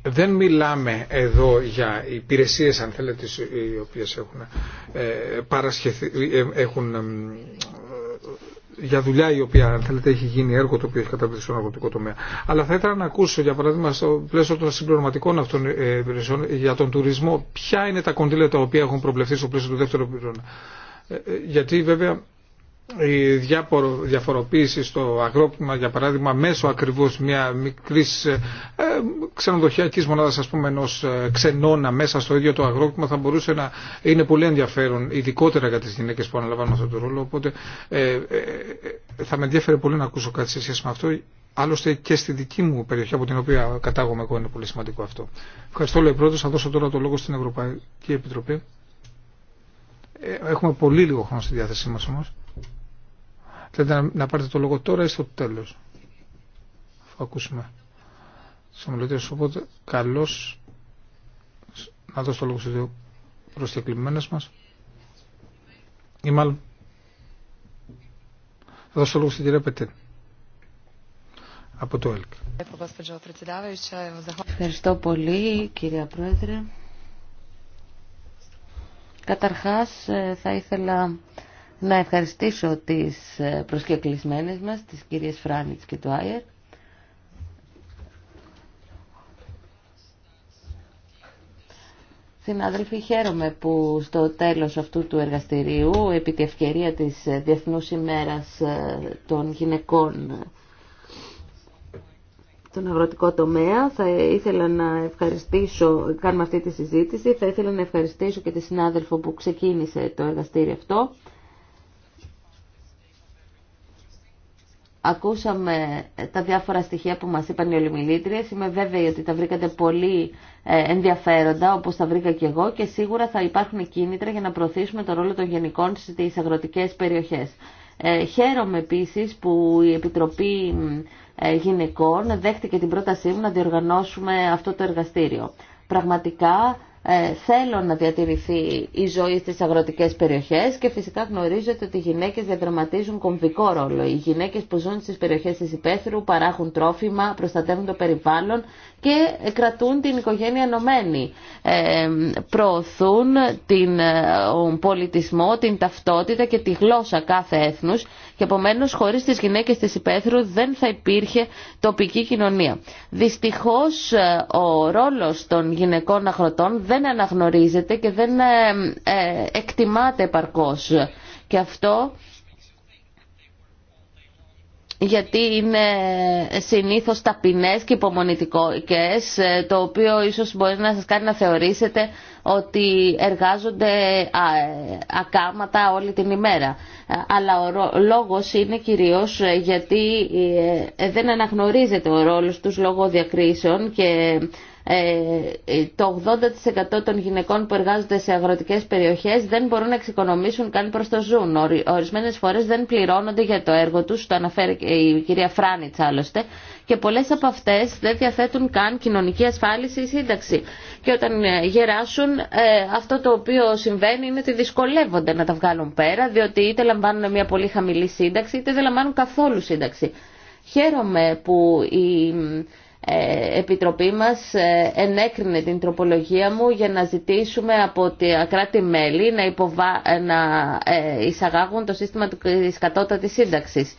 δεν μιλάμε εδώ για υπηρεσίες αν θέλετε οι οποίες έχουν ε, παρασχεθεί, ε, έχουν ε, για δουλειά η οποία αν θέλετε έχει γίνει έργο το οποίο έχει καταβληθεί στον αγροτικό τομέα. Αλλά θα ήθελα να ακούσω για παράδειγμα στο πλαίσιο των συμπληρωματικών αυτών υπηρεσιών για τον τουρισμό ποια είναι τα κονδύλια τα οποία έχουν προβλεφθεί στο πλαίσιο του δεύτερου ε, Γιατί βέβαια η διαφοροποίηση στο αγρόκτημα για παράδειγμα μέσω ακριβώς μια μικρής ε, ξενοδοχειακής μονάδας ας πούμε ενός ε, ξενώνα μέσα στο ίδιο το αγρόκτημα θα μπορούσε να είναι πολύ ενδιαφέρον ειδικότερα για τις γυναίκες που αναλαμβάνουν αυτόν τον ρόλο οπότε ε, ε, θα με ενδιαφέρει πολύ να ακούσω κάτι σε σχέση με αυτό Άλλωστε και στη δική μου περιοχή από την οποία κατάγομαι εγώ είναι πολύ σημαντικό αυτό. Ευχαριστώ λέει πρώτος. Θα δώσω τώρα το λόγο στην Ευρωπαϊκή Επιτροπή. Έχουμε πολύ λίγο χρόνο στη διάθεσή μας όμως. Θέλετε να πάρετε το λόγο τώρα ή στο τέλος. Αφού ακούσουμε τις ομιλωτές. Οπότε καλώς να δώσω το λόγο στους δύο προσκεκλημένες μας. Ή μάλλον θα δώσω το λόγο στην κυρία Πετέν. Από το ΕΛΚ. Ευχαριστώ πολύ κυρία Πρόεδρε. Καταρχάς ε, θα ήθελα να ευχαριστήσω τις ε, προσκεκλισμένες μας, τις κυρίες Φράνιτς και του Άιερ. Συνάδελφοι, χαίρομαι που στο τέλος αυτού του εργαστηρίου, επί τη ευκαιρία της ε, Διεθνούς ημέρας ε, των γυναικών στον αγροτικό τομέα. Θα ήθελα να ευχαριστήσω, κάνουμε αυτή τη συζήτηση, θα ήθελα να ευχαριστήσω και τη συνάδελφο που ξεκίνησε το εργαστήριο αυτό. Ακούσαμε τα διάφορα στοιχεία που μας είπαν οι ολιμιλήτριες. Είμαι βέβαιη ότι τα βρήκατε πολύ ε, ενδιαφέροντα, όπως τα βρήκα και εγώ, και σίγουρα θα υπάρχουν κίνητρα για να προωθήσουμε το ρόλο των γενικών στις αγροτικές περιοχές. Ε, χαίρομαι επίσης που η Επιτροπή ε, Γυναικών δέχτηκε την πρότασή μου να διοργανώσουμε αυτό το εργαστήριο. Πραγματικά ε, να διατηρηθεί η ζωή στις αγροτικές περιοχές και φυσικά γνωρίζετε ότι οι γυναίκες διαδραματίζουν κομβικό ρόλο. Οι γυναίκες που ζουν στις περιοχές της υπαίθρου παράγουν τρόφιμα, προστατεύουν το περιβάλλον και κρατούν την οικογένεια ενωμένη. Ε, προωθούν την, τον ε, πολιτισμό, την ταυτότητα και τη γλώσσα κάθε έθνους και επομένω χωρί τι γυναίκε τη υπαίθρου δεν θα υπήρχε τοπική κοινωνία. Δυστυχώ ε, ο ρόλο των γυναικών αγροτών δεν αναγνωρίζεται και δεν ε, ε, εκτιμάται επαρκώ. Και αυτό γιατί είναι συνήθως ταπεινές και υπομονητικές, ε, το οποίο ίσως μπορεί να σας κάνει να θεωρήσετε ότι εργάζονται ε, ακάματα όλη την ημέρα. Ε, αλλά ο λόγος είναι κυρίως γιατί δεν αναγνωρίζεται ο ρόλος τους λόγω διακρίσεων και ε, ε, το 80% των γυναικών που εργάζονται σε αγροτικές περιοχές δεν μπορούν να εξοικονομήσουν καν προς το ζουν. Ορισμένες φορές δεν πληρώνονται για το έργο τους, το αναφέρει η κυρία Φράνιτς άλλωστε, και πολλές από αυτές δεν διαθέτουν καν κοινωνική ασφάλιση ή σύνταξη. Και όταν ε, γεράσουν, αυτό το οποίο συμβαίνει είναι ότι δυσκολεύονται να τα βγάλουν πέρα, διότι είτε λαμβάνουν μια πολύ χαμηλή σύνταξη, είτε δεν λαμβάνουν καθόλου σύνταξη. Χαίρομαι που η ε, Επιτροπή μας ε, ενέκρινε την τροπολογία μου για να ζητήσουμε από τα κράτη-μέλη να, υποβα... να ε, εισαγάγουν το σύστημα της κατώτατης σύνταξης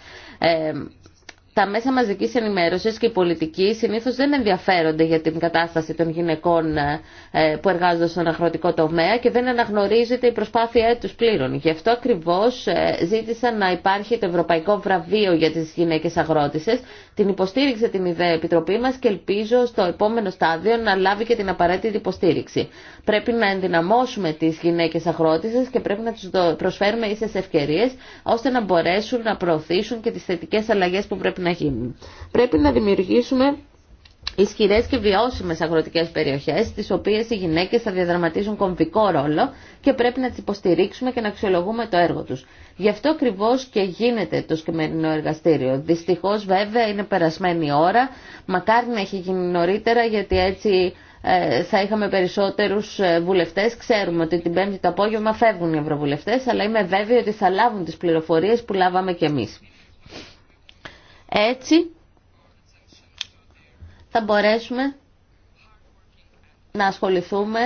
τα μέσα μαζικής ενημέρωσης και οι πολιτικοί συνήθως δεν ενδιαφέρονται για την κατάσταση των γυναικών ε, ε, που εργάζονται στον αγροτικό τομέα και δεν αναγνωρίζεται η προσπάθειά τους πλήρων. Γι' αυτό ακριβώς ε, ζήτησα να υπάρχει το Ευρωπαϊκό Βραβείο για τις γυναίκες αγρότησες. Την υποστήριξε την ιδέα Επιτροπή μας και ελπίζω στο επόμενο στάδιο να λάβει και την απαραίτητη υποστήριξη. Πρέπει να ενδυναμώσουμε τις γυναίκες αγρότησες και πρέπει να τους προσφέρουμε ίσες ευκαιρίες ώστε να μπορέσουν να προωθήσουν και τις θετικές αλλαγές που πρέπει να γίνουν. Πρέπει να δημιουργήσουμε ισχυρέ και βιώσιμε αγροτικέ περιοχέ, τι οποίε οι γυναίκε θα διαδραματίζουν κομβικό ρόλο και πρέπει να τι υποστηρίξουμε και να αξιολογούμε το έργο του. Γι' αυτό ακριβώ και γίνεται το σκημερινό εργαστήριο. Δυστυχώ βέβαια είναι περασμένη ώρα, μακάρι να έχει γίνει νωρίτερα γιατί έτσι ε, θα είχαμε περισσότερου ε, βουλευτέ, Ξέρουμε ότι την Πέμπτη το απόγευμα φεύγουν οι ευρωβουλευτέ, αλλά είμαι βέβαιη ότι θα λάβουν τι πληροφορίε που λάβαμε κι εμεί. Έτσι θα μπορέσουμε να ασχοληθούμε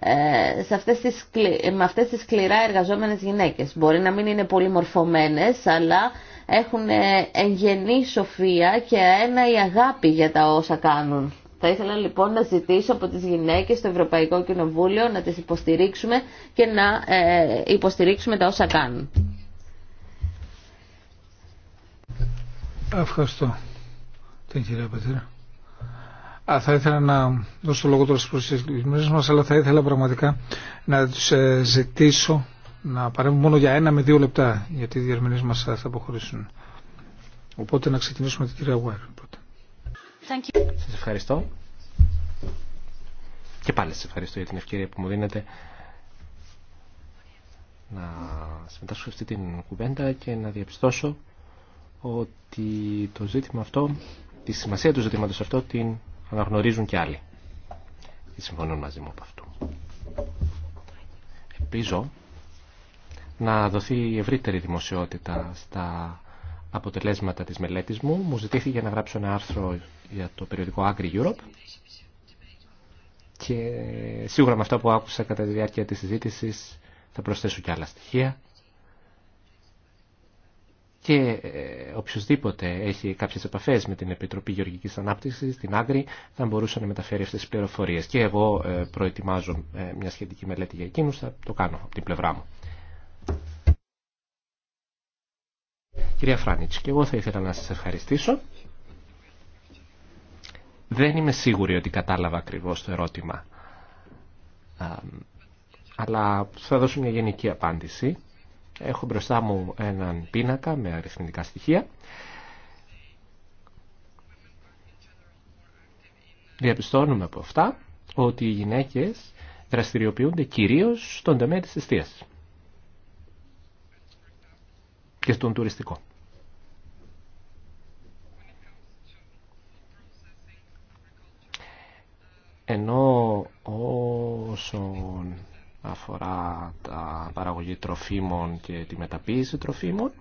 ε, σε αυτές τις με αυτές τις σκληρά εργαζόμενες γυναίκες. Μπορεί να μην είναι πολύ αλλά έχουν ε, εγγενή σοφία και ένα η αγάπη για τα όσα κάνουν. Θα ήθελα λοιπόν να ζητήσω από τις γυναίκες στο Ευρωπαϊκό Κοινοβούλιο να τις υποστηρίξουμε και να ε, υποστηρίξουμε τα όσα κάνουν. Ευχαριστώ την κυρία Πετήρα. Α, θα ήθελα να δώσω λόγο τώρα στους προσεκλημένους μας, αλλά θα ήθελα πραγματικά να τους ε, ζητήσω να παρέμβουν μόνο για ένα με δύο λεπτά, γιατί οι διερμηνείς μας θα αποχωρήσουν. Οπότε να ξεκινήσουμε την κυρία Γουάρ. Σας ευχαριστώ. Και πάλι σας ευχαριστώ για την ευκαιρία που μου δίνετε να συμμετάσχω σε αυτή την κουβέντα και να διαπιστώσω ότι το ζήτημα αυτό, τη σημασία του ζητήματος αυτό την αναγνωρίζουν και άλλοι. Και συμφωνούν μαζί μου από αυτό. Επίζω να δοθεί ευρύτερη δημοσιότητα στα αποτελέσματα της μελέτης μου. Μου ζητήθηκε να γράψω ένα άρθρο για το περιοδικό Agri Europe και σίγουρα με αυτό που άκουσα κατά τη διάρκεια της συζήτησης θα προσθέσω και άλλα στοιχεία και ε, οποιοδήποτε έχει κάποιες επαφές με την Επιτροπή Γεωργικής Ανάπτυξης, την Άγκρη, θα μπορούσε να μεταφέρει αυτές τις πληροφορίες. Και εγώ ε, προετοιμάζω ε, μια σχετική μελέτη για εκείνους, θα το κάνω από την πλευρά μου. Κυρία Φράνιτς, και εγώ θα ήθελα να σας ευχαριστήσω. Δεν είμαι σίγουρη ότι κατάλαβα ακριβώς το ερώτημα, αλλά θα δώσω μια γενική απάντηση. Έχω μπροστά μου έναν πίνακα με αριθμητικά στοιχεία. Διαπιστώνουμε από αυτά ότι οι γυναίκες δραστηριοποιούνται κυρίως στον τομέα της εστίασης και στον τουριστικό. Ενώ όσον αφορά τα παραγωγή τροφίμων και τη μεταποίηση τροφίμων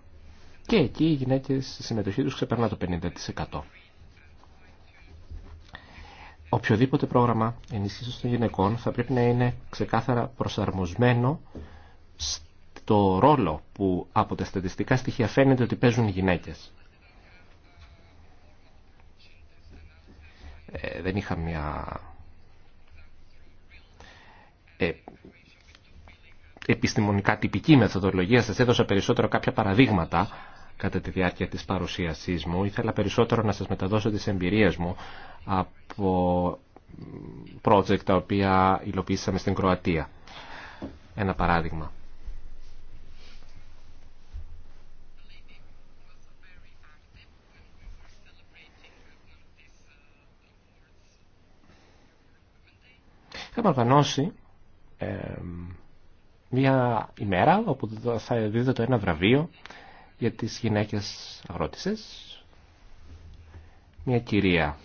και εκεί οι γυναίκες στη συμμετοχή τους ξεπερνά το 50%. Οποιοδήποτε πρόγραμμα ενίσχυσης των γυναικών θα πρέπει να είναι ξεκάθαρα προσαρμοσμένο στο ρόλο που από τα στατιστικά στοιχεία φαίνεται ότι παίζουν οι γυναίκες. Ε, δεν είχα μια ε, επιστημονικά τυπική μεθοδολογία. Σας έδωσα περισσότερο κάποια παραδείγματα κατά τη διάρκεια της παρουσίασής μου. Ήθελα περισσότερο να σας μεταδώσω τις εμπειρίες μου από project τα οποία υλοποιήσαμε στην Κροατία. Ένα παράδειγμα. Είχαμε οργανώσει μια ημέρα όπου θα δίδεται ένα βραβείο για τις γυναίκες αγρότησες. Μια κυρία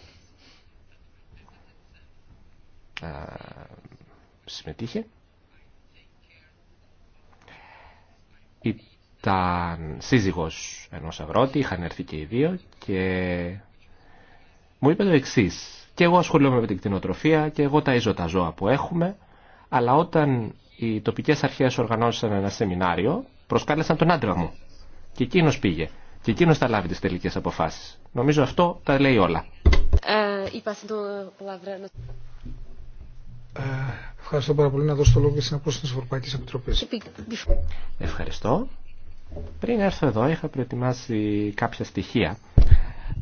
ε, συμμετείχε. Ήταν σύζυγος ενός αγρότη, είχαν έρθει και οι δύο και μου είπε το εξή. Και εγώ ασχολούμαι με την κτηνοτροφία και εγώ ταΐζω τα ζώα που έχουμε, αλλά όταν οι τοπικέ αρχέ οργανώσαν ένα σεμινάριο, προσκάλεσαν τον άντρα μου και εκείνο πήγε και εκείνο θα λάβει τι τελικέ αποφάσει. Νομίζω αυτό τα λέει όλα. Ε, ε, ευχαριστώ πάρα πολύ να δώσω το λόγο και στην απόσταση τη Ευρωπαϊκή Επιτροπή. Ευχαριστώ. Πριν έρθω εδώ είχα προετοιμάσει κάποια στοιχεία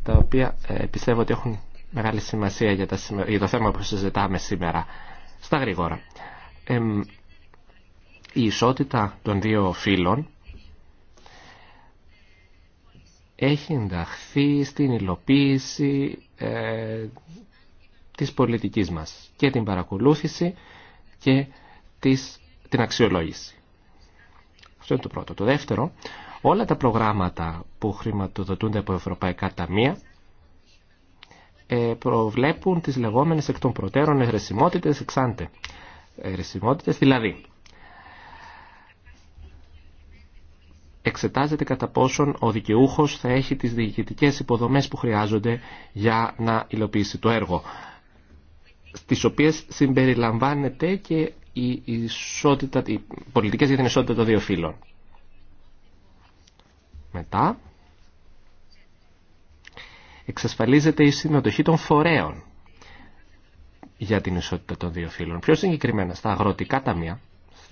τα οποία ε, πιστεύω ότι έχουν μεγάλη σημασία για, τα, για το θέμα που συζητάμε σήμερα. Στα γρήγορα. Ε, η ισότητα των δύο φύλων έχει ενταχθεί στην υλοποίηση ε, της πολιτικής μας και την παρακολούθηση και της, την αξιολόγηση. Αυτό είναι το πρώτο. Το δεύτερο, όλα τα προγράμματα που χρηματοδοτούνται από ευρωπαϊκά ταμεία ε, προβλέπουν τις λεγόμενες εκ των προτέρων ερεσιμότητες εξάντε. Ερεσιμότητες δηλαδή εξετάζεται κατά πόσον ο δικαιούχος θα έχει τις διοικητικές υποδομές που χρειάζονται για να υλοποιήσει το έργο, στις οποίες συμπεριλαμβάνεται και η ισότητα, οι πολιτικές για την ισότητα των δύο φύλων. Μετά, εξασφαλίζεται η συμμετοχή των φορέων για την ισότητα των δύο φύλων. Πιο συγκεκριμένα στα αγροτικά ταμεία,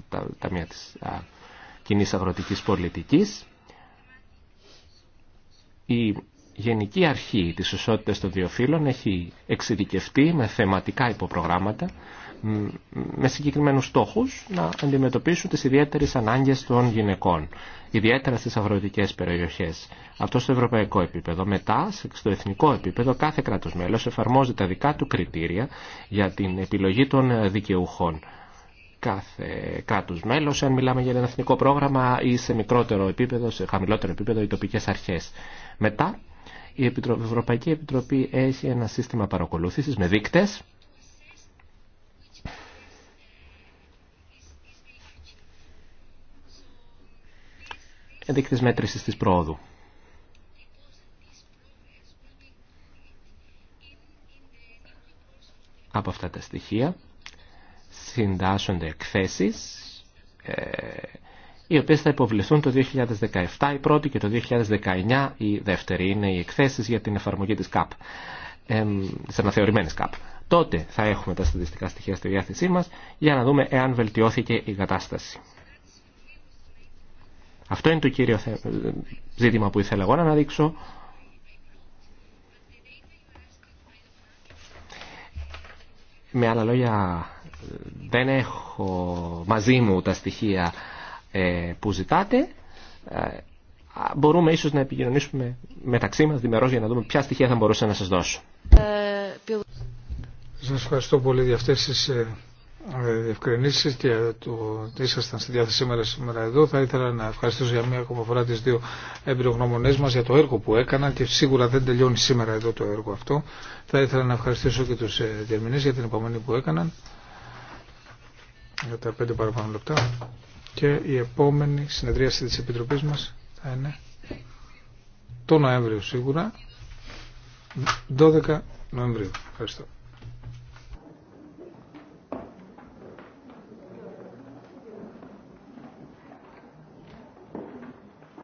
στα ταμεία της κοινή αγροτικής πολιτικής. Η Γενική Αρχή της Ισότητας των Διοφύλων έχει εξειδικευτεί με θεματικά υποπρογράμματα με συγκεκριμένους στόχους να αντιμετωπίσουν τις ιδιαίτερες ανάγκες των γυναικών, ιδιαίτερα στις αγροτικές περιοχές. Αυτό στο ευρωπαϊκό επίπεδο. Μετά, στο εθνικό επίπεδο, κάθε κράτος μέλος εφαρμόζει τα δικά του κριτήρια για την επιλογή των δικαιούχων κάθε κράτο μέλος, αν μιλάμε για ένα εθνικό πρόγραμμα ή σε μικρότερο επίπεδο, σε χαμηλότερο επίπεδο, οι τοπικές αρχές. Μετά, η Ευρωπαϊκή Επιτροπή έχει ένα σύστημα συστημα παρακολουθηση με δείκτες, δείκτες μέτρησης της πρόοδου. Από αυτά τα στοιχεία συντάσσονται εκθέσεις ε, οι οποίες θα υποβληθούν το 2017 η πρώτη και το 2019 η δεύτερη. Είναι οι εκθέσεις για την εφαρμογή της ΚΑΠ, ε, της αναθεωρημένης ΚΑΠ. Τότε θα έχουμε τα στατιστικά στοιχεία στη διάθεσή μας για να δούμε εάν βελτιώθηκε η κατάσταση. Αυτό είναι το κύριο ζήτημα που ήθελα εγώ να αναδείξω. Με άλλα λόγια, δεν έχω μαζί μου τα στοιχεία ε, που ζητάτε. Ε, μπορούμε ίσως να επικοινωνήσουμε μεταξύ μας διμερώς για να δούμε ποια στοιχεία θα μπορούσα να σας δώσω. Σας ευχαριστώ πολύ για αυτές τις διευκρινήσεις ε, και το ότι ήσασταν στη διάθεση σήμερα, σήμερα εδώ. Θα ήθελα να ευχαριστήσω για μία ακόμα φορά τις δύο εμπειρογνωμονές μας για το έργο που έκαναν και σίγουρα δεν τελειώνει σήμερα εδώ το έργο αυτό. Θα ήθελα να ευχαριστήσω και τους διερμηνείς για την υπομονή που έκαναν για τα 5 παραπάνω λεπτά και η επόμενη συνεδρίαση της Επιτροπής μας θα είναι το Νοέμβριο σίγουρα 12 Νοεμβρίου. Ευχαριστώ.